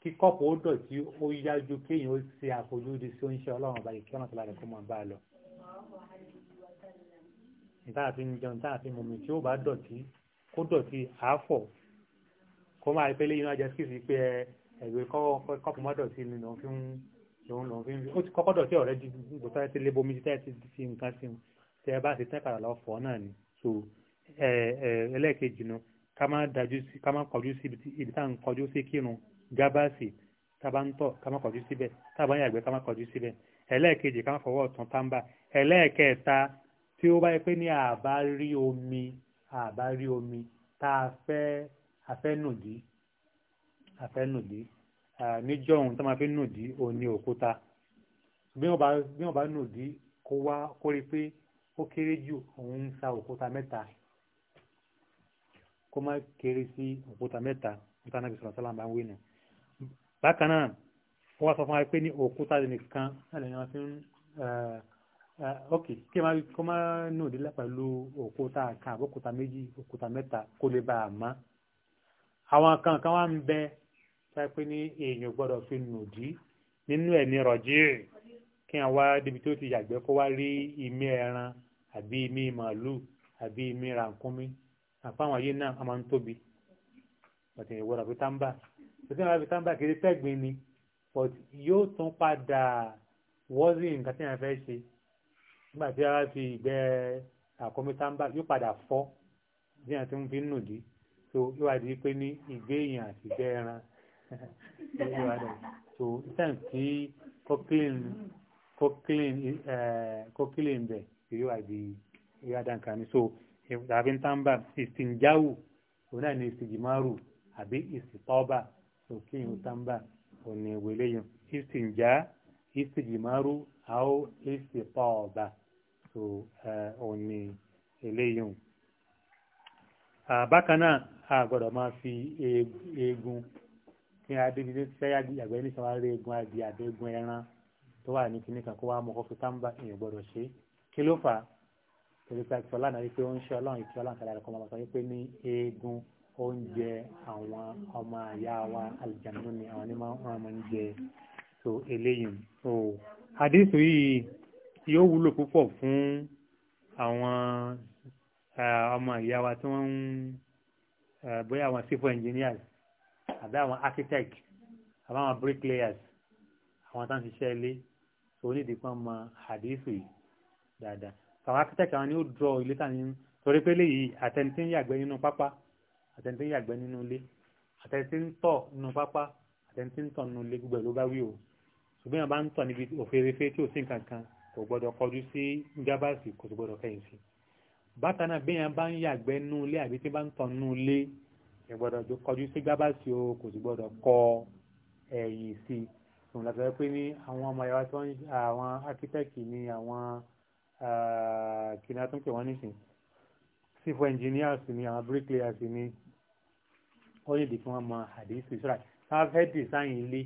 kí kọ́ọ̀pù ó dọ̀tí ó yájú kéèyàn ó ṣe àfojúdi sí oúnjẹ ọlọ́run ọba ìkí ọ̀nà tó bá rẹ̀ kó máa bá a lọ. nítaà fi ń jẹun nítaà fi ń mọ̀mí tí ó bá dọ̀tí kó dọ̀tí àáfọ̀ kó máa rí pé lẹ́yìn náà jẹ́ skills pé ẹ ẹ̀gbẹ́ kọ́pù mọ́dọ̀ sí ni lòun fi ń lòun lòun fi ń ó ti kọ́kọ́ dọ̀tí ọ̀rẹ́ ju gbogbo táyà ti lé bomi tí táyà ti fi nǹkan sí tẹ ẹ bá ti tẹ́ padà lọ fọ́ náà ni so ẹ ẹ ẹlẹ́ẹ̀kejì nu ká má dájú sí ká má kọjú sí ibi tá à ń kọjú sí kírun gábàásì tá a bá ń tọ̀ ká má kọjú síbẹ̀ tá a bá ń yàgbẹ́ ká má kọjú síbẹ̀ ẹlẹ́ẹ̀kejì ká má fọwọ́ ọ̀tún táǹbà ẹlẹ́ẹ̀kẹta tí ó bá yẹ pé ní àbá rí omi àbá rí omi tá a fẹ́ afẹ́ nùdí afẹ́nùdí níjọ́ ohun tó máa fi nùdí òun ni òkúta bí wọ́n bá nùdí kó wá kó rí pé ó kéré jù òun ń sa òkúta mẹ́ta kó má kéré sí òkúta mẹ́ta òkúta náà fi sọ̀rọ̀ sọ́lá bá ń wé nù. bákan náà wọ́n wá sọ fún wa pé ní òkúta nìkan náà lè ní fi ń ok kí ẹ máa kọ́ máa pẹ̀lú òkúta kan àbókúta méjì òkúta mẹ́ta kó lè bá a mọ́ àwọn kan kan wá ń bẹ sápẹ́ ní èèyàn gbọ́dọ̀ fi nùdí nínú ẹ̀ ní rọ̀jí kí wọ́n wá débi tó ti yàgbẹ́ kó wá rí imí ẹran àbí imí màálù àbí imí rànkúnmí àfáwọn yìí náà a máa ń tóbi bàtẹ̀ ìwọ́dọ̀ fi táǹbà tòtí wọn fi táǹbà kiri pẹ́gbin ni but yóò tún padà wọ́ọ̀sì nǹkan tí wọ́n fẹ́ ṣe nígbà tí wọ́n fi ìgbẹ́ àkọ́mí táǹbà yóò padà fọ́ bí wọ́n ti ń fi nùdí so yóò wá di pé ní ìgbé èèyàn àti ìgbẹ́ ẹran so time tí cochlean cochlean cochlean bẹ̀ yóò wà di yóò wà dáǹkà ni so tàbí ntàmbà ìsìnjáwù òun náà ní ìsìnjìmárù àbí ìsìtọ́bà òkè yìí ntàmbà òun ní ìwé lẹ́yìn ìsìnjá ìsìnjìmárù àó so òun ní eléyìí. bákan náà a gbọ́dọ̀ máa fi eegun tí a débi tó fẹ́ àgbẹ̀ ní sọ́wọ́ rẹ̀ egun adìẹ àbẹ́gun ẹran tó wà ní kíní kan kó wá mọ́kọ́ fi táǹbà èèyàn gbọ́dọ̀ ṣe kí ló fà á pé àtìfọ́lá náà wípé ó ń ṣe ọlọ́run ìtì ọlọ́run kàlà ẹ̀kọ́ máa wípé ní eegun oúnjẹ àwọn ọmọ àyà wa àlìjànú ni àwọn onímọ̀ ọ̀rọ̀ máa ń jẹ so eléyìí so hadith yìí yóò wúlò púpọ̀ fún àwọn ọmọ ìyá wa tí wọ́n ń bóyá àwọn civil engineers àbí àwọn architect àbí àwọn bricklayers àwọn tó ń ṣiṣẹ́ ilé tó ní ìdí kan mọ àdéhùn yìí dáadáa àwọn architect àwọn ni ó draw ilé tàn ní torí pé léyìí àtẹnitẹ́ ń yàgbẹ́ nínú pápá àtẹnitẹ́ ń yàgbẹ́ nínú ilé àtẹnitẹ́ ń tọ̀ nínú pápá àtẹnitẹ́ ń tọ̀ nínú ilé gbogbo ẹ̀ ló bá wí o ṣùgbọ́n yàrá bá ń tọ̀ níbi òfèrèfé tí ò sí nǹkan kan kò gbọ́dọ̀ kọjú sí gábàsì kò sì gbọ́dọ̀ kẹ́yìn sí bákan náà bí yàrá bá ń yàgbẹ́ nínú ilé àbí tí bá ń tọ̀ nínú ilé ẹ gbọ́dọ̀ tó kọjú sí gábàsì o kò sì gbọ́dọ̀ kọ ẹ̀yìn sí i òun la sọ pé ní àwọn ọmọ ìyàwó tó ń àwọn akítẹ́kì ní àwọn kìnnà tó ń pè wọ́n nísìn sífò engineers ní àwọn bricklayers ní ó lè di kí wọ́n mọ àdéhùn ìṣúra wọ́n fẹ́ design ilé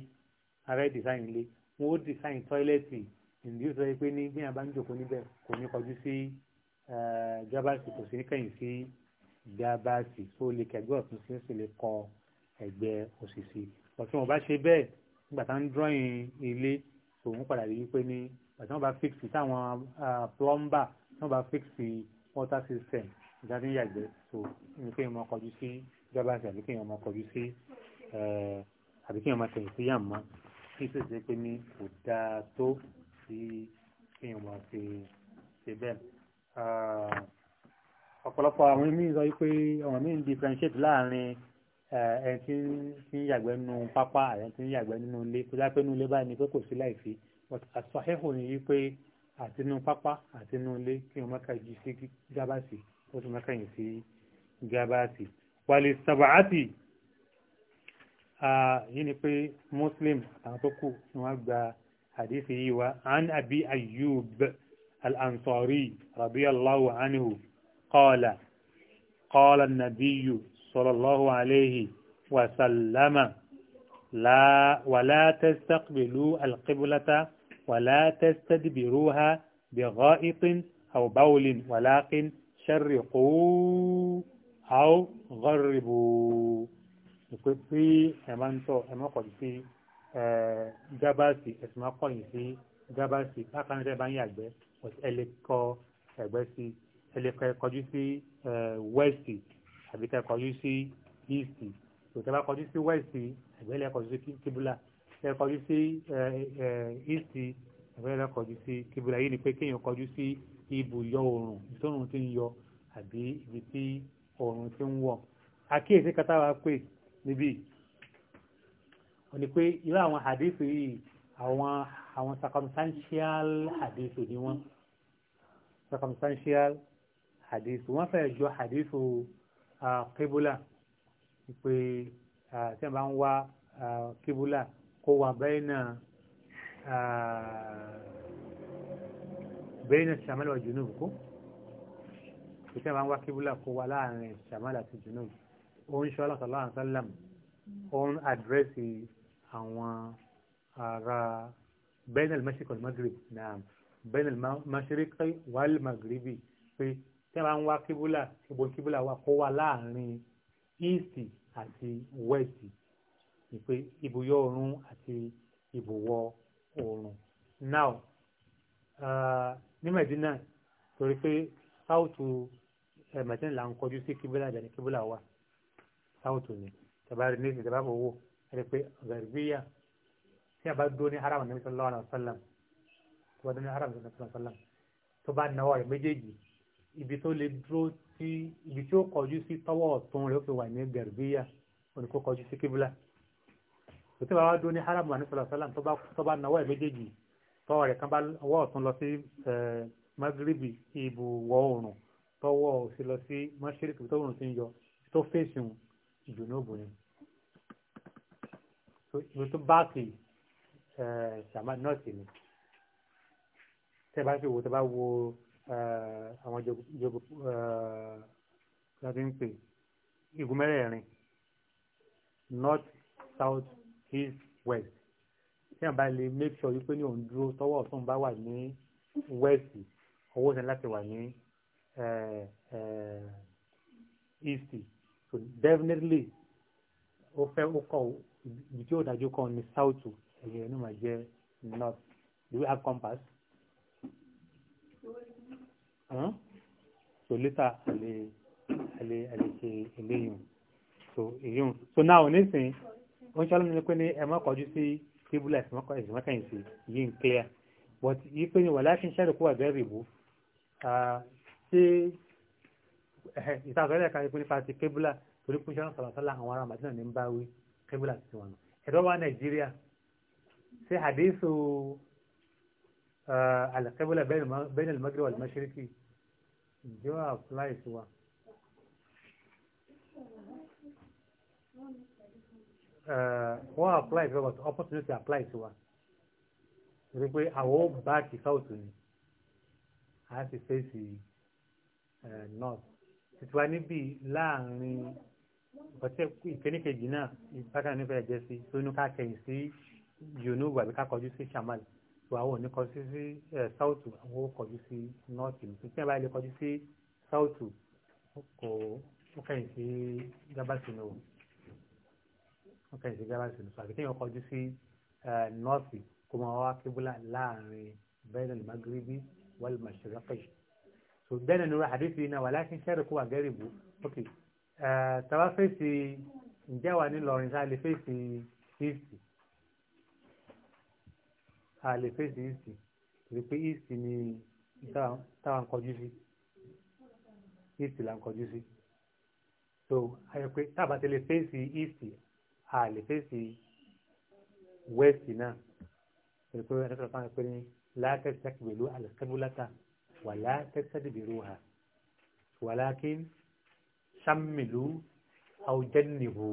wọ́n fẹ́ design ilé wọ́n ó design tọ́ílẹ̀tì ìdí sọ pé ní bí wọ́n bá ń jòkó kò ní kọjú sí eh, gábàsì kò sí ní sí gbá báàsì tó lè kẹgbẹ́ ọ̀tún sí sì lè kọ ẹgbẹ́ òṣìṣì ọ̀tún wọn bá ṣe bẹ́ẹ̀ nígbà tá ń drawing ilé tòun padà rí wípé ní àti wọn bá fíksì táwọn plumber wọn bá fíksì water system ìjà tí ń yàgbẹ́ tó ní kí èèyàn máa kọjú sí gbábáàsì àbí kí èèyàn máa kọjú sí àbí kí èèyàn máa tẹ̀yìn sí yàmọ́ kí sì ṣe pé ní kò dáa tó sí kí èèyàn máa ṣe bẹ́ẹ̀ ọ̀pọ̀lọpọ̀ àwọn míì sọ wípé àwọn míì ń differentiate láàrin ẹni tí ń yàgbẹ́ nínú pápá àti tí ń yàgbẹ́ nínú ilé tó dápẹ́ nínú ilé báyìí ni pé kò sí láìfi but àsọ̀hẹ́hò ni wípé àti nínú pápá àti nínú ilé kí wọ́n mọ́ka jù sí gábàsì ó sì mọ́ka yìí sí gábàsì. wàlẹ̀ sàbàátì yìí ni pé muslim àwọn tó kù ni wọ́n gba àdéhìí wa an abi ayyub al-ansari radiyallahu anhu. قال قال النبي صلى الله عليه وسلم لا ولا تستقبلوا القبلة ولا تستدبروها بغائط أو بول ولكن شرقوا أو غربوا في أمانتو أمانتو في gábàsì ẹ̀sìn máa kọ̀yìn sí gábàsì bákan náà tẹ́ bá ẹ lè kọjú sí west àbí kẹ́ kọjú sí east tòtẹ́ bá kọjú sí west ẹ̀gbẹ́ lẹ́ kọjú sí kíbúlà ẹ kọjú sí east ẹ̀gbẹ́ lẹ́ kọjú sí kíbúlà yìí ni pé kéèyàn kọjú sí ibùyọ oòrùn ìtòrùn ti ń yọ àbí ibi tí oòrùn ti ń wọ̀ àkíyèsí kátà wa pè níbí wọ́n pé irú àwọn hadith yìí àwọn àwọn circumstantial hadith ni wọ́n circumstantial hadithu wọ́n fẹ́ jọ hadithu kíbúlà pé tí wọ́n bá ń wá kíbúlà kó wà bayna bayna shamal wa junub kó tí wọ́n bá ń wá kíbúlà kó wà láàrin shamal àti junub ó ń ṣọ́lá sallallahu alaihi wasallam ó ń àdírẹ́sì àwọn ará bayna al-mashriq wal-maghrib naam bayna al pé tí wọ́n bá ń wá kíbúlà ìbò kíbúlà wà kó wà láàrin east àti west ìpè ibùyọ oòrùn àti ibùwọ̀ oòrùn now uh, ní Medina torí pé south eh, Medina là ń kọjú sí kíbúlà ìbẹ̀rẹ̀ kíbúlà wà south ni tabari ní ìsìn tabari owó ẹni pé gàrbíyà tí a bá dúró ní haram Nabi sallallahu alaihi wasallam tó bá dúró ní haram Nabi sallallahu alaihi wasallam tó bá náwó rẹ̀ méjèèjì ibi tó lè dúró sí ibi tí ó kọjú sí tọwọ́ ọ̀tún rẹ̀ ó fi wà ní gẹ̀rùbíyà oníkó kọjú sí kíbílà tó tí wàá dúró ní haram wa ní sọlọsọlá tó bá nawọ́ ẹ̀ méjèèjì tọwọ́ rẹ̀ kan bá ọwọ́ ọ̀tún lọ sí magribi ìbù wọ̀ oòrùn tọwọ́ òsì lọ sí mọ́ṣíríkì tó oòrùn ti ń yọ tó fèsì ìjùnúbù ni ìlú tó báàkì ṣàmà nọ́ọ̀sì ni tẹ́ bá fi wò tẹ́ bá wo Eh, àwọn jogo eh, láti ń pè igun mẹ́rẹ̀ẹ̀rin north south east west tí wọ́n bá lè make sure wípé ní òun dúró tọwọ́ ọ̀tún bá wà ní west ọwọ́ ìsìn láti wà ní eh, east so definitely ó fẹ́ ó kọ̀ ibi tí ó dájú kan ní south ẹ̀yẹ ẹ̀nu máa jẹ́ north do we have compass? so later àlè àlè àlè ṣe eléyìn so èyàn so now nísìnyí ó ń ṣàlùmí pé ní ẹ má kọjú sí tíbúlà ìsìnmọ́kàyìn sí yìí ń clear but yìí pé ní wà láti ṣẹ́rù kó wà bẹ́ẹ̀rì bú ṣé ìtàkọ́lẹ̀ kan ìpínlẹ̀ pàṣẹ kébùlà torí kún ṣẹ́rù sàlàsàlà àwọn ará màdínà ní ń bá wí kébùlà ti wọn ẹ̀rọ wa nàìjíríà ṣé àdéhùn على قبلة بين المغرب والمشرق جواب لايس هو wọ́n apply for but opportunity apply to wa rí pé àwọn báàkì south ni a ti fèsì north títí wa níbi láàrin ọ̀tẹ́ ìkéníkejì náà ìbákan nípa ẹ̀jẹ̀ sí tó inú ká kẹ̀yìn sí yòónú wàbí ká kọjú sí shamal so àwọn ò kọjú sí sáùtù àwọn ò kọjú sí nọ́ọ̀tì nítorí tí wọ́n bá lè kọjú sí sáùtù kò ó kẹ́yìn sí gábàsì o ó kẹ́yìn sí gábàsì ni o àti kéèyàn kọjú sí nọ́ọ̀tì kó máa wá kébùlà láàrin bẹ́ẹ̀nì magrebi wàlú mashiraki so bẹ́ẹ̀ni nínú àdéhùn iná wà láti sẹ́rìkú wà gẹ́rìbù ok tàbá fèsì ǹjẹ́ wà ní lọ́rin sáà lè fèsì fífì a lè fèsì ìsì torí pé ìsì ni táwa ń kọjú sí ìsì là ń kọjú sí so ayọ̀ pé tábà tẹ́lẹ̀ fèsì ìsì a lè fèsì wẹ́ẹ̀sì náà torí pé ẹni sọ̀rọ̀ fáwọn pé ní látẹ́tẹ́ pẹ̀lú alẹ́sẹ́búlátà wà látẹ́tẹ́ dìbìrú ha wàlákin sàmìlú àwùjẹ́nìbù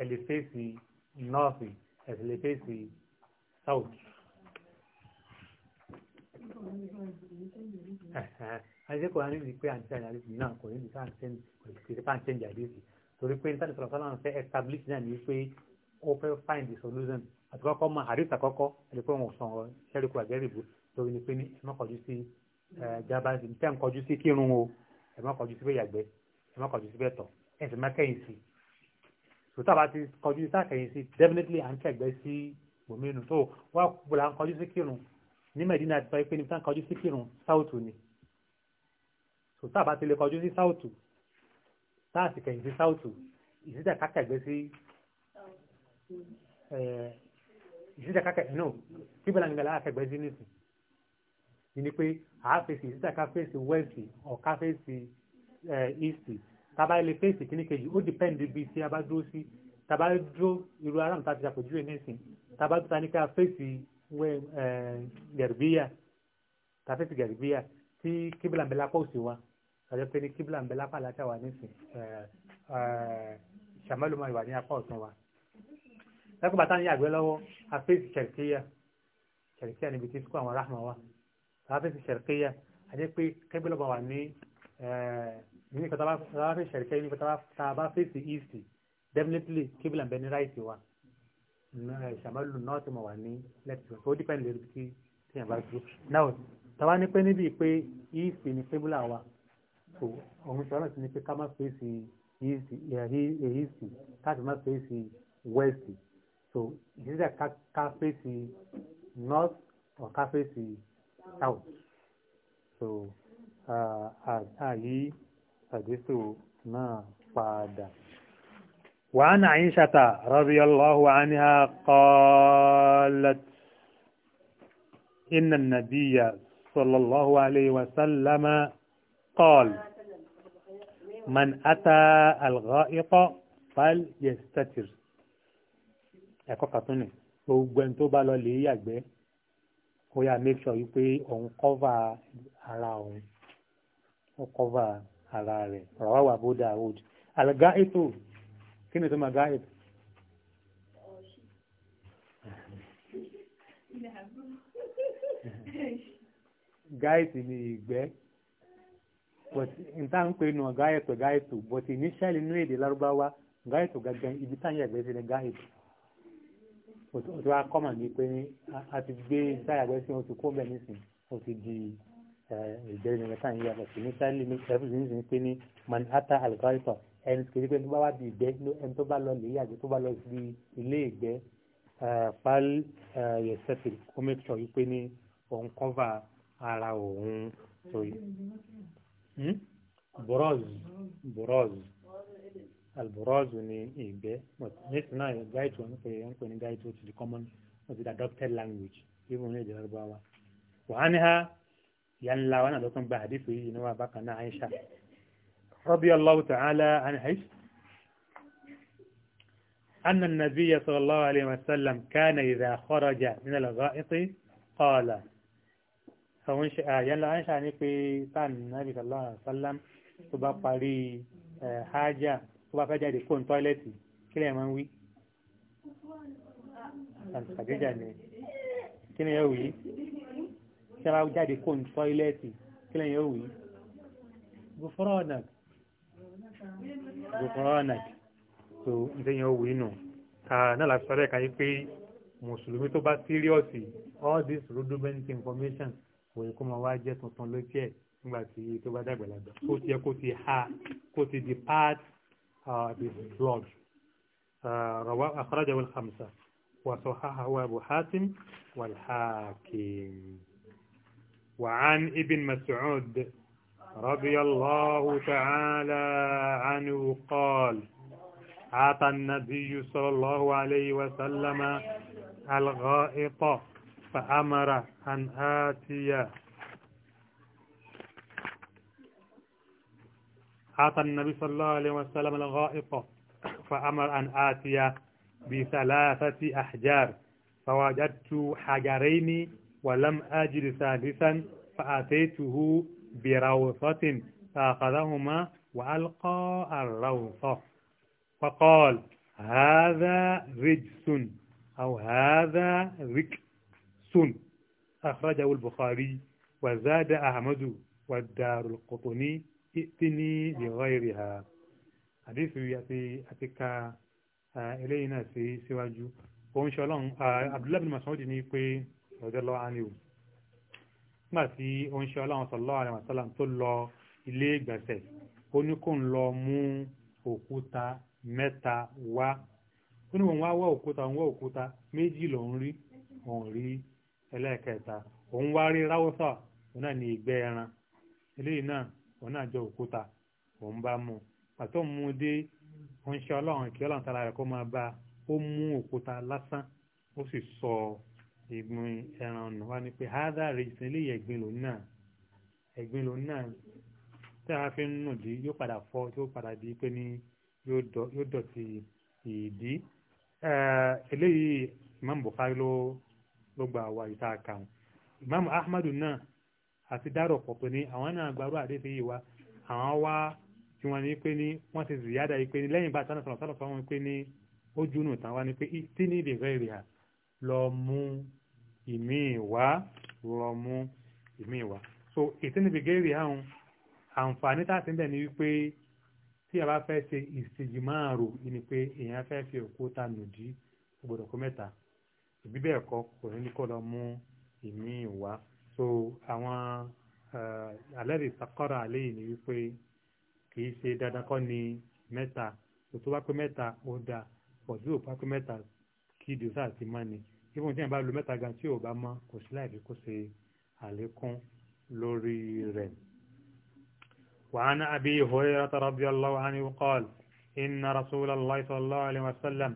ẹni lè fèsì nọ́ọ̀fì ẹ̀sìn lè fèsì south. àṣìṣe kò ní pé àǹtí àjàdìsì náà kò ní pé àǹtí àjàdìsì torí pé nítorí sọ̀rọ̀ sọ́nà fẹ́ establish náà ní pé ó fẹ́ find the solution àti kọ́kọ́ mọ àdìsí àkọ́kọ́ ẹni pé wọn ò sọ̀rọ̀ ṣẹ́ríkù àgẹ́rìbù torí ni pé ní ẹ má kọjú sí jábá ní tẹ́ ń kọjú sí kírun o ẹ má kọjú sí bẹ́ẹ̀ yàgbẹ́ ẹ má kọjú sí bẹ́ẹ̀ tọ̀ ẹ sì má kẹ́yìn sí so tá a bá ti kọjú sí àkẹyìn sí definitely à ń kẹgbẹ́ sí gbòmínú so wá gbọ́dọ̀ à ń kọjú sí kírun ní Medina ti sọ pé níbi tá à ń kọjú sí kírun sáùtù ni so tá a bá ti lè kọjú sí sáùtù tá a sì kẹyìn sí sáùtù ìsídà kákẹgbẹ́ sí ìsídà kákẹgbẹ́ no kíbẹ̀lá nígbà lákẹgbẹ́ sí nìsín ni pé àáfẹ́sì ìsídà káfẹ́sì wẹ́ẹ̀sì ọ̀ káfẹ́sì ìsì tàbá ilé fèsì kíní kejì ó dìpẹ́ǹdì bí tí a bá dúró sí tàbá dúró irú aráàmù tá a ti ṣàpèjúwe nísìn tàbá tó ta ní ká fèsì gẹ̀rìbíyà tá fèsì gẹ̀rìbíyà tí kíbìlà ń bẹ lápá òsì wa àjọ pé ní kíbìlà ń bẹ lápá àlàáfíà wa nísìn ṣàmọ́lùmọ́ ìwà ní apá ọ̀tún wa lẹ́kùn bàtà ní àgbẹ̀ lọ́wọ́ a fèsì ṣẹ̀rìkíyà ṣẹ̀rìkíyà níbi tí ní kata bá fẹ́ ṣẹ̀ríkẹ́ ní kata tá a bá fèsì east definitely kébìlà bẹ ní right wa ṣàmọ́lù north mọ̀ wà ní left wa so depend lórí tí tí yàn bá dúró now tàwa ní pé níbi pé east ni kébìlà wa so òun ṣe ọlọ́sìn ní pé ká má fèsì east east káàtì má fèsì west so ìdíjà ká fèsì north or ká fèsì south so àyí. Uh, uh, uh, àdísù náà padà وعن عائشة رضي الله عنها قالت إن النبي صلى الله عليه وسلم قال من أتى الغائط فليستتر ẹ̀kọ́ kàtúnì gbogbo ẹni tó bá lọ lè yàgbẹ́ ó yà make wípé òun kọ́va ara òun ó kọ́va ara rẹ̀ rọ̀wáwà Abu Dawud algáìtò kí ni tó máa gáìtò gáìtì ni ìgbẹ́ but n tá ń pè nù gáìtò gáìtò but initially inú èdè lárúbáwá gáìtò gangan ibi táyà ìgbẹ́ sí ni gáìtò òtún akọ́mà ní pé a ti gbé táyà ìgbẹ́ sí oṣù kó bẹ̀ nísìn ó ti ìgbẹ́rẹ́ ni mẹ́ta ń yàtọ̀ sí ní sáà límí everything is pé ní manhattan algorithm ẹni kejì pé tó bá wà di ìgbẹ́ ẹni tó bá lọ lè yàgbé tó bá lọ sí ilé ìgbẹ́ eh, pal eh, yẹsẹ̀fì kó make sure wípé ní òun cover ara òun tó yẹ. Hmm? bros bros alboros ni ìgbẹ́ nísìnyí náà guide to ń pè ń pè ní guide to the common adopted language even ní ìjọba wa. wàhánihá ìyá ńlá wa náà ló tún gba àdífò yìí níwà bákan náà Aisha radiyallahu ta'ala anha أن النبي صلى الله عليه وسلم كان إذا خرج من الغائط قال فون يلا عائشة نيكي تان النبي صلى الله عليه وسلم تبا باري حاجة تبا فجأة يكون تواليتي كلا يمانوي كان خديجة كنا يوي tẹ́ra jáde kó ní tọ́ílẹ̀tì kí lẹ́yìn òwì gufranak gufranak tó ń tẹ́yìn òwì nù náà láti sọ́rẹ́ kan pé mùsùlùmí tó bá síríọ̀sì all this rudiment information kò yẹ kó máa wá jẹ́ tuntun lókè nígbà tí tó bá dàgbàlagbà kó ti yẹ kó ti ha kó ti di part of the blood رواه أخرجه الخمسة وصححه أبو حاتم والحاكم وعن ابن مسعود رضي الله تعالى عنه قال أعطى النبي صلى الله عليه وسلم الغائط فأمر أن آتي أعطى النبي صلى الله عليه وسلم الغائط فأمر أن آتي بثلاثة أحجار فوجدت حجرين ولم أجد ثالثا فأتيته بروثة فأخذهما وألقى الروثة فقال هذا رجس أو هذا ركس أخرجه البخاري وزاد أحمد والدار القطني ائتني بغيرها حديث يأتي أتكا إلينا في سواجو وإن شاء الله عبد الله بن مسعود يقول radiyallahu anhu nígbà tí ó ń ṣe ọlọ́run sallallahu alaihi wasallam tó lọ ilé ìgbẹ̀sẹ̀ ó ní kó ń lọ mú òkúta mẹ́ta wá ó ní òun wá wá òkúta òun wá òkúta méjì lòún rí òun rí ẹlẹ́ẹ̀kẹta òun wá rí ráwọ́sà òun náà ní ìgbẹ́ ẹran eléyìí náà òun náà jọ òkúta òun bá mú pàtó mú dé ó ń ṣe ọlọ́run kí ọlọ́run tara rẹ̀ kó máa bá ó mú òkúta lásán ó sì sọ ọ́ ìgbìn ẹran ọ̀nà wá ní pé hádà rèjìsìn eléyìí ẹ̀gbin lòun náà ẹ̀gbin lòun náà tí a fi ń nù dí yóò padà fọ́ tí padà di pé ní yóò dọ̀tí ìdí eléyìí imam Bukhari ló ló gba àwa ìta kàn imam Ahmadu náà àti dárọ̀ pọ̀ pé ní àwọn náà gbarú àdéhùn yìí wá àwọn wá tí wọ́n ní pé ní wọ́n ti zìyádà yìí pé ní lẹ́yìn bá sánà sọ̀rọ̀ sọ̀rọ̀ fún wọn pé ní ó júnù tán wá ní pé tí ní ìdè rẹ̀ rẹ̀ lọ mú ìmí ìwá rọmú ìmí ìwá so ìtẹ́nibìgẹ́rì àwọn àǹfààní tá a ti ń bẹ̀ ni wípé tí a bá fẹ́ ṣe ìsèjì máa rò ni pé èèyàn fẹ́ fi òkúta nùdí gbọdọ̀ kó mẹ́ta ìbí bẹ́ẹ̀ kọ́ kò ní kó lọ mú ìmí ìwá so àwọn alẹ́rìí sakọ́ra àléyìn ni wípé kì í ṣe dandan kọ́ ni mẹ́ta òtún wá pé mẹ́ta ó dáa pọ̀ sí òpá pé mẹ́ta kí ìdíwọ́sà ti má ni ibùn tí yẹn bá lu mẹ́ta gan tí ò bá mọ́ kò sí láìpẹ́ kó ṣe àlékún lórí rẹ̀. وعن أبي هريرة رضي الله عنه قال إن رسول الله صلى الله عليه وسلم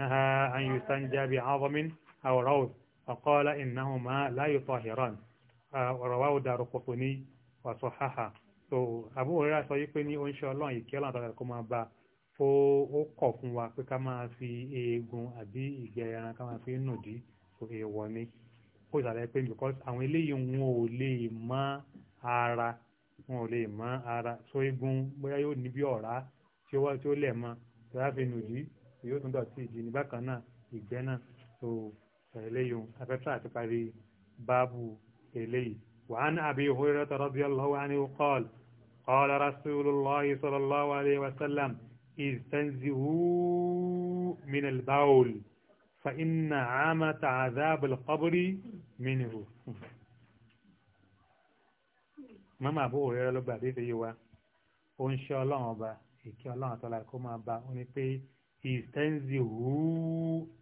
نهى أن يستنجى بعظم أو روث فقال إنهما لا يطهران رواه دار قطني وصححه so abu hurairah sọ yìí pé ní oúnjẹ ọlọ́run ìkẹ́ ọlọ́run àtàkùn máa bá a ó ó kọ̀ fún wa pé ká máa fi eegun àbí ìgbẹ́ ẹran ká máa fi nù dí so èèwọ̀ ni ó ìsàlẹ̀ pé because àwọn eléyìí wọn ò lè mọ ara wọn ò lè mọ ara so eegun bóyá yóò ní bí ọ̀rá tí ó wá tí ó lẹ̀ mọ tí wọ́n á fi nù yóò tún dọ̀tí ìdí ní bákan náà ìgbẹ́ náà so eléyìí afẹ́fẹ́ àti parí báàbù eléyìí. وعن أبي هريرة رضي الله عنه قال قال رسول الله صلى الله عليه وسلم استنزهوا من البول فإن عامة عذاب القبر منه mama Abu Hurairah ló gbàdé fi yé wa ó ń ṣe ọlọ́run ọba èké ọlọ́run àtọ́lá kó máa ba ó ní pé istanzihu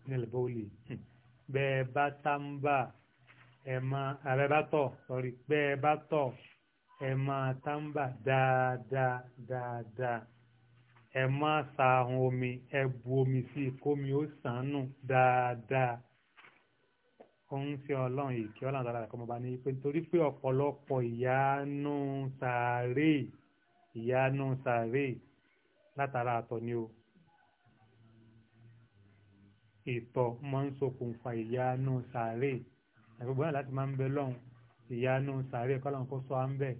minal bawli bẹ́ẹ̀ bá táǹbà ẹ̀ máa àbẹ́ bá tọ̀ sọ́rí bẹ́ẹ̀ bá tọ̀ ẹ̀ máa táǹbà dáadáa dáadáa ẹ má ṣahun omi ẹ bu omi sí i kómi ó sàn nù dáadáa ó ń ṣe ọlọ́run yìí kí ọlọ́run dáadáa kọ́ mọ́ bá ní pé nítorí pé ọ̀pọ̀lọpọ̀ ìyanu sàárè ìyanu sàárè látara àtọ̀ ni o ìtọ̀ máa ń ṣokùnfà ìyanu sàárè ẹ̀gbọ́n láti máa ń bẹ lọ́hùn ìyanu sàárè kọ́lọ́n kó sọ à ń bẹ̀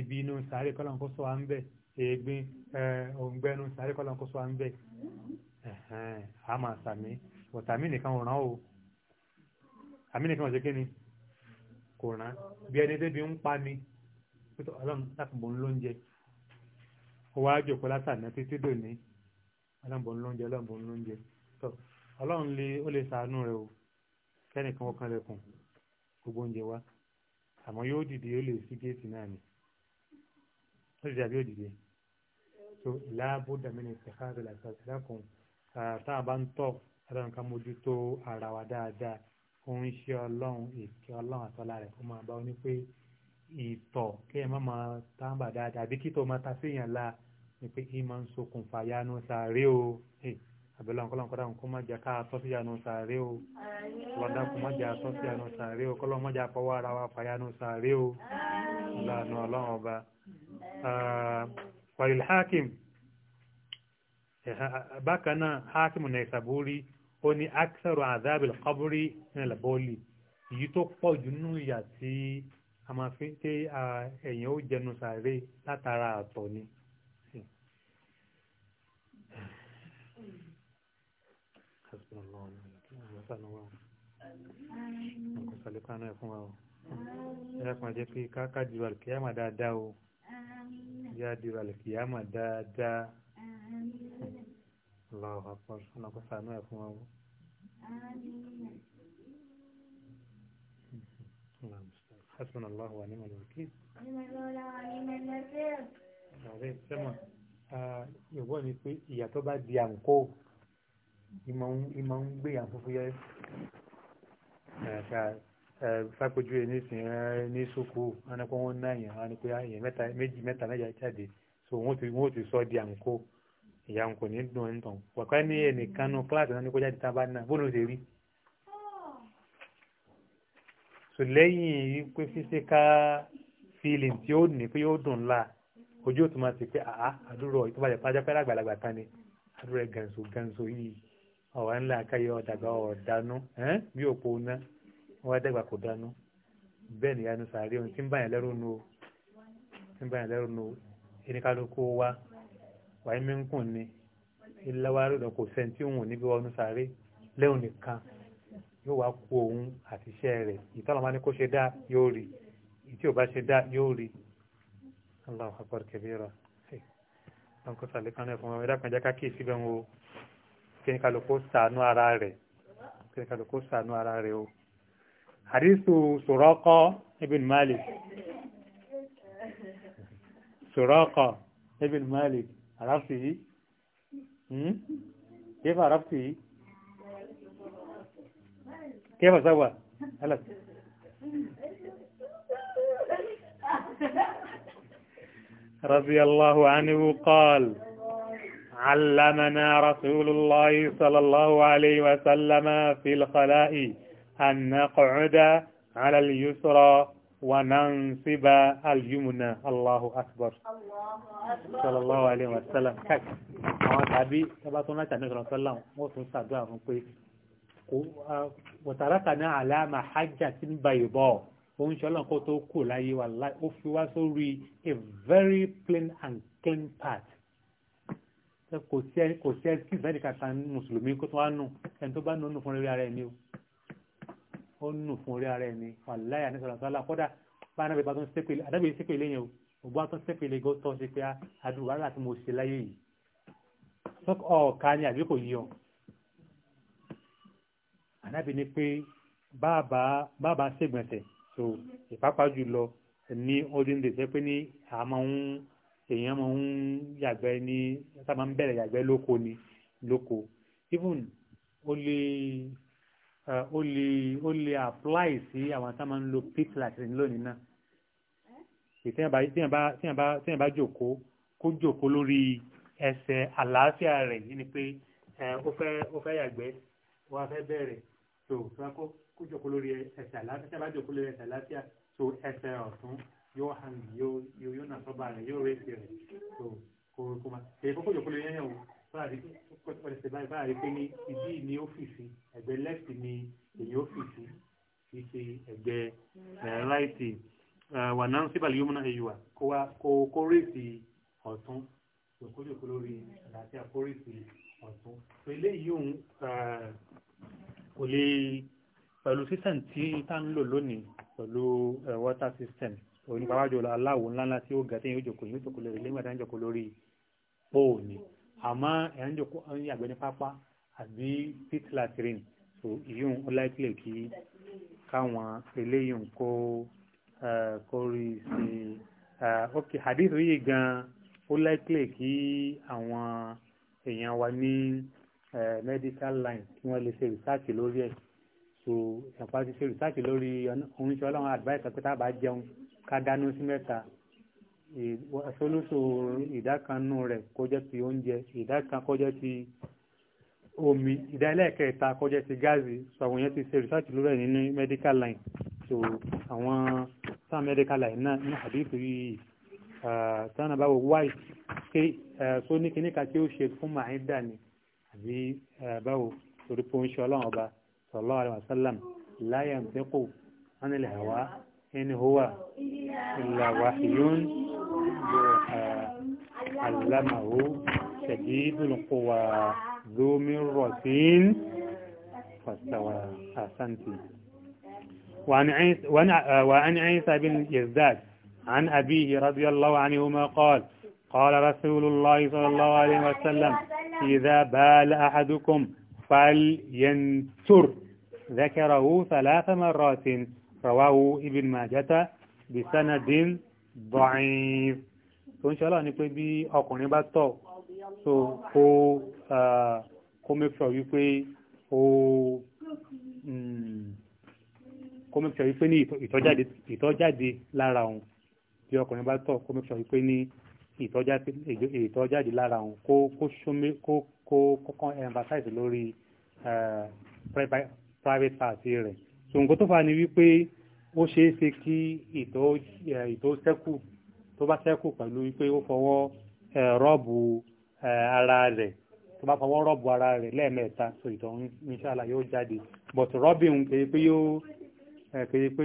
ibi inú sàárè kọ́lọ́n kó sọ à ń bẹ̀ èégbín Eh, òǹgbẹ́nu sáré kọ́lá kó sọ à ń bẹ̀ a máa sàmì wọ̀tàmí nìkan o àmì nìkan ọ̀sẹ̀ kí kò rán bí ẹni débi ń pa ni pítọ̀ ọlọ́run láti ń lóúnjẹ ó wá jòkó látàná títí dòní ọlọ́run bò ń lóúnjẹ ọlọ́run bò ń lóúnjẹ tọ́ ọlọ́run lè ó lè o kẹ́nìkan ó gbogbo oúnjẹ wa àmọ́ yóò dìde ó lè sí géètì náà ni ó so láàbùdà mi ní ìsìnkáàdù láti ṣàtìlákùn tá a bá ń tọ̀ ẹ̀rọ nǹkan mójútó ara wa dáadáa ó ń ṣe ọlọ́run ìkẹ́ ọlọ́run àtọ́lá rẹ̀ kó máa bá ọ ní pé ìtọ̀ kí ẹ má máa tábà dáadáa àbí kí tó máa ta séèyàn la ni pé kí máa ń ṣokùnfà yanu sàárè o àbẹ̀lẹ̀ ọ̀kọ́lọ́n kọ́dà kó má jẹ́ ká tọ́ sí yanu sàárè o wọ́dà kó má jẹ́ tọ́ sí yanu sàárè o kọ́lọ́ má jẹ́ àpọ̀wọ́ ara wa fà yanu sàárè o ìlànà ọlọ́run ọba wàlìl hakim eh, bákan náà hakim naisaburi ó ní aksaru azabil qabri nílẹ̀ bọ́ọ̀lì èyí tó pọ̀ jù nínú ìyà tí a máa fi ṣe ẹ̀yìn ó jẹnu sàárè látara àtọ̀ ni. ẹ̀rọ kan jẹ́ pé ká kájú àlùkìyàmà dáadáa o jẹ́ àdìrò àlùkìyàmà dáadáa Allahu akbar ọ̀nà kó sànú ẹ̀ fún wọn. حسبنا الله ونعم الوكيل ààrẹ sẹ́mọ̀ ìwọ́ ni pé ìyà tó bá di àǹkó ìmọ̀ ń gbé àǹfófó yẹ́ ẹ̀ẹ́ta fápẹ́jú ẹ̀ nísìn eh, ní sóko wọn ni pé wọ́n ná èèyàn ni pé ah, èèyàn mẹ́ta méjì mẹ́ta mẹ́ta jáde so wọ́n ti wọ́n ti sọ di àǹkó ìyá àǹkó ní dùn ẹ̀ ń tàn wọ̀ká ní ẹnìkan nu kíláàsì náà ní kó jáde tá a bá ná ló ṣe rí. so lẹ́yìn pé physical feeling tí ó ní pé yóò dùn la ojú òtún máa ti pé àá àdúrò ìtọ́bàjẹ́ pàjá pẹ́ lágbàlagbà tán ni àdúrò ẹ̀ gànso gànso yìí ọ̀wá ńlá akáyọ̀ ọ̀dàgbà ọ̀dánú bí òpó náà wọ́n á dẹ́gbà kò dánú bẹ́ẹ̀ ni yanu sàárè ohun tí ń báyàn lẹ́rù nu o tí ń báyàn lẹ́rù nu o eníkálukú wa wàá mi ń kùn ni ìlàwárí rẹ̀ kò sẹ́ni òun ò níbi wọnú sàárè lẹ́hùn nìkan yóò wá kú òun àti iṣẹ́ rẹ̀ ìtọ́lọ́mọ ni kò ṣe dá yóò rí ìtí ò bá ṣe dá yóò rí Allahu akbar kabira wọn kò sàlẹ̀ kan náà fún wọn ẹ̀dá kan jẹ́ ká kí ìsíbẹ̀ wọn o kí ní kálukú ara rẹ̀ kí ní kálukú ara rẹ̀ o. حديث سراقة ابن مالك سراقة ابن مالك عرفتي كيف عرفتي كيف سوى هلا رضي الله عنه قال علمنا رسول الله صلى الله عليه وسلم في الخلاء أن نقعد على اليسرى وننصب اليمنى الله أكبر صلى الله عليه وسلم àwọn tàbí ẹbá tó náà tàbí ìrọ̀sọ́lá wọ́n tún sàdúrà fún pé wọ̀tàrátà náà àlàmà hajjá tí ń báyìí bọ́ ó ń ṣọ́lọ́n kó tó kù láyé wà láì ó fi wá sórí a very plain and clean path kò sí ẹ́ kò sí ẹ́ kí ìfẹ́ nìkan kan mùsùlùmí kó tó wá nù ẹni tó bá nù nù fún rere ara ẹni o ó nù fún orí ara ẹni wàláyà ní sọ̀rọ̀ sọ́lá kọ́dà bá anábì bá tó ń sépèlé adábì sépèlé yẹn o ògbó àtọ́ sépèlé gó tọ́ sí pé adùnwà láti mo ṣe láyé yìí sọ́kọ̀ ọ̀ka ni àbí kò yí ọ anábì ni pé bàbá bàbá ṣègbọ̀nsẹ̀ so ìpápá jùlọ ní ọdún lè fẹ́ pé ní àmọ́ ń èèyàn máa ń yàgbẹ́ ní sábà ń bẹ̀rẹ̀ yàgbẹ́ lóko ni lóko even ó lè ó lè ó lè apply sí àwọn tá máa ń lo pit latrine lónìí náà tíyàn bá jòkó kó jòkó lórí ẹsẹ̀ àlàáfíà rẹ̀ yìí ni pé ó fẹ́ yàgbẹ́ wọ́n fẹ́ bẹ̀rẹ̀ tó kó jòkó lórí ẹsẹ̀ àlàáfíà tíyàn bá jòkó lórí ẹsẹ̀ àlàáfíà tó ẹsẹ̀ ọ̀tún yóò hàn yóò nà sọ́ba rẹ̀ yóò rẹ̀ sí rẹ̀ tó kó kó má èyí kó kó jòkó lórí ẹyàn wò pẹ̀lẹ́sẹ̀ báyìí báyìí pé ní ìdí ní ọ́fíìsì ẹ̀gbẹ́ left ní èyí ọ́fíìsì kì í ṣe ẹ̀gbẹ́ eh, right wà náà síbàlì yóò múná ẹ̀yùwà kó wá kó rèsì ọ̀tún òkúlùkù lórí àti àkórèsì ọ̀tún eléyìí òun eh, kò lè pẹ̀lú system tí tá ń lò lónìí pẹ̀lú eh, water system onípàwájọ aláwo ńláńlá tí ó gà téèyàn ó jòkó yóò jòkó lórí lẹ́yìn àdáńjòkó lórí póò ni àmọ́ ẹ̀ ń jòkó ń yàgbẹ́ ní pápá àbí pit latrine so ìyóhun ó láìpẹ́ kí káwọn eléyìí kó kó rí sí ok hadith yìí gan ó láìpẹ́ kí àwọn èèyàn wa ní medical line kí wọ́n lè ṣe research lórí ẹ̀ so ẹ̀pá ti ṣe research lórí oníṣẹ́ ọlọ́run advice pé tá a bá jẹun ká dáná sí mẹ́ta solúsù ìdá kan nù rẹ̀ kó jẹ́ ti oúnjẹ ìdá kan kó jẹ́ ti omi ìdá ẹlẹ́ẹ̀kẹta kó jẹ́ ti gáàsì so àwọn èèyàn ti ṣe research lórí ẹ̀ nínú medical line so àwọn sáà medical line náà ní àdéhùn yìí tánà bá wọ white ké tó ní kíníkà tí ó ṣe fún màáídà ni àbí báwo torí pé ó ń ṣe ọlọ́run ọba sallallahu alaihi wasallam la yantiqu anil hawa إن هو إلا وحي يوحى علمه شديد القوى ذو مرة فاستوى أحسنت وعن عيسى, وعن عيسى بن يزداد عن أبيه رضي الله عنهما قال قال رسول الله صلى الله عليه وسلم إذا بال أحدكم فلينتر ذكره ثلاث مرات rawahu ibn majata bisanadin da'if tó ń ṣọlá ni pé bí ọkùnrin bá tọ̀ so kó uh, kó make sure wípé ó mm, kó make sure wípé ní ìtọ́jáde ìtọ́jáde lára òun bí ọkùnrin bá tọ̀ kó make sure wípé ní ìtọ́jáde lára òun kó kó ṣómi kó kó kó kán emphasize lórí uh, private party rẹ̀ so nǹkan tó fà ní wípé ó ṣeé ṣe kí ìtọ̀ ìtọ̀ sẹ́kù tó bá sẹ́kù pẹ̀lú wípé ó fọwọ́ rọ́ọ̀bù ara rẹ̀ tó bá fọwọ́ rọ́ọ̀bù ara rẹ̀ lẹ́ẹ̀mẹ́ta so ìtọ̀ inshallah yóò jáde but rọ́bìn kèrè pé yóò kèrè pé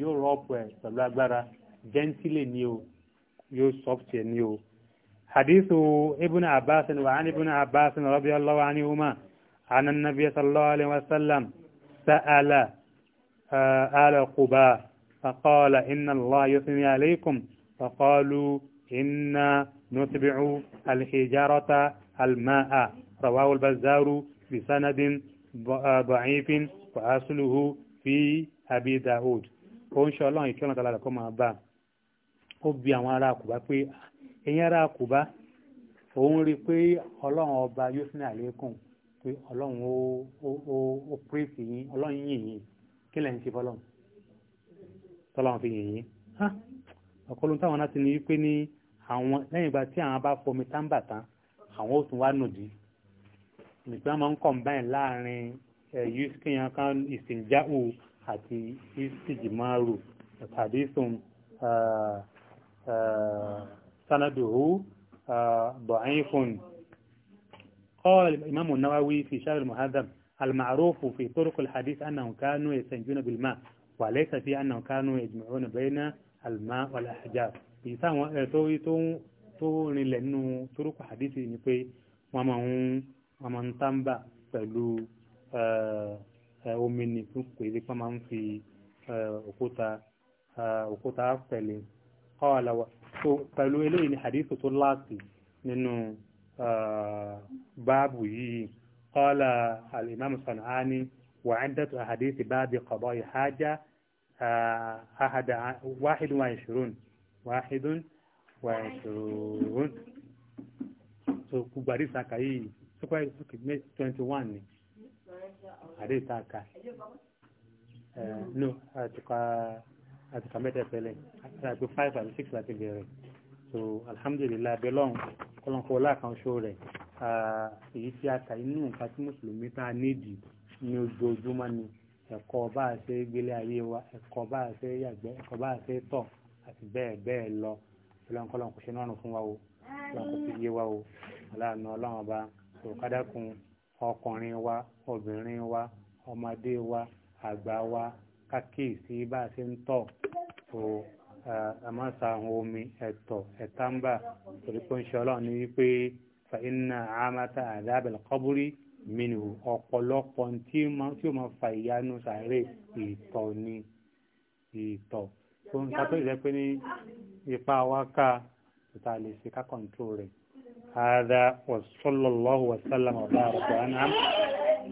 yóò rọ́ọ̀bù ẹ̀ pẹ̀lú agbára gentile ni o yóò sọ́fùtì ẹ̀ ni o hadithu ibn abbas wa an ibn abbas radiyallahu anhuma. عن النبي صلى الله عليه وسلم سأل آل قباء فقال إن الله يثني عليكم فقالوا إن نتبع الحجارة الماء رواه البزار بسند ضعيف وأصله في أبي داود ó شاء الله ọlọ́run ìkí ọ̀nà tàbí àlàkọ́ máa bá ó bi àwọn ará kùbá pé ẹ̀yin ará kùbá òun rí pé ọlọ́run ọba yóò sínú àlékún pé ọlọ́run ó ó ó pírèsì yín ọlọ́run yìn yín kí lẹ́yìn ti fọlọ́run tọ́lọ́run fi yìn yín hàn ọ̀kọ́lùn táwọn náà ní wípé ní àwọn lẹ́yìn ìgbà tí àwọn bá fomi táǹbà tán àwọn ó wá nòdì nìgbà máa ń kọ̀m̀báìn láàrin yuskiyan kan ìsìnjáhù àti ìsìjìmáàrù tàbí sùn sanaduhu bọ̀ẹ́yìn fún un. قال الإمام النووي في شهر المهذب المعروف في طرق الحديث أنهم كانوا يستنجون بالماء وليس في أنهم كانوا يجمعون بين الماء والأحجار إنسان تويتون تون لأنه طرق حديث في ومن ومن تنبع فلو ومن نفق إذا كمان في أقوتا آه، أقوتا آه، أفتلي قال فلو إليه حديث طلاتي لأنه báàbù yìí qala al-imam San'ani wa 'iddatu ahadith báàbì qada'i haja wahidun wa ishirun wahidun wa so gbogbo àdìsí àkà yìí sọ́kọ́ twenty one ni àdìsí àkà eh, no àtìkà mẹ́tẹ̀ẹ̀fẹ́lẹ̀ àtìkà five and six láti bẹ̀rẹ̀ so alhamdulillah abẹ́lọ́run kọ́lọ́nkọ́ láàkan ṣó rẹ̀ èyí tí a kà inú nǹkan tí mùsùlùmí tá a nídi ní ojoojúmọ́ ni ẹ̀kọ́ bá a ṣe gbélé ayé wa ẹ̀kọ́ bá a ṣe yàgbẹ́ ẹ̀kọ́ bá a ṣe tọ̀ àti bẹ́ẹ̀ bẹ́ẹ̀ lọ kọ́lọ́nkọ́lọ́nkọ́ ṣe náà fún wa o kọ́lọ́nkọ́ fi yé wa o aláàánú ọlọ́run ọba òkádàkùn ọkùnrin wa obìnrin wa ọmọdé wa àgbà wa kákíyèsí bá a ṣe ń tọ̀ àmọ́sà àwọn omi ẹ̀tọ̀ ẹ̀tàǹbà torípọ̀ ìṣẹ́ ọlọ́run ní wípé fàínà àmàtà àdábẹ̀lẹ̀ kọ́búrí mìíràn ọ̀pọ̀lọpọ̀ tí ó máa fa ìyanu sàárè ìtọ̀ ni ìtọ̀ tó ń sàtọ́ ìjẹ́ pé ní ipa wákà tòta lè ṣe ká kọ̀ǹtró rẹ̀. هذا وصلى الله وسلم وبارك وانعم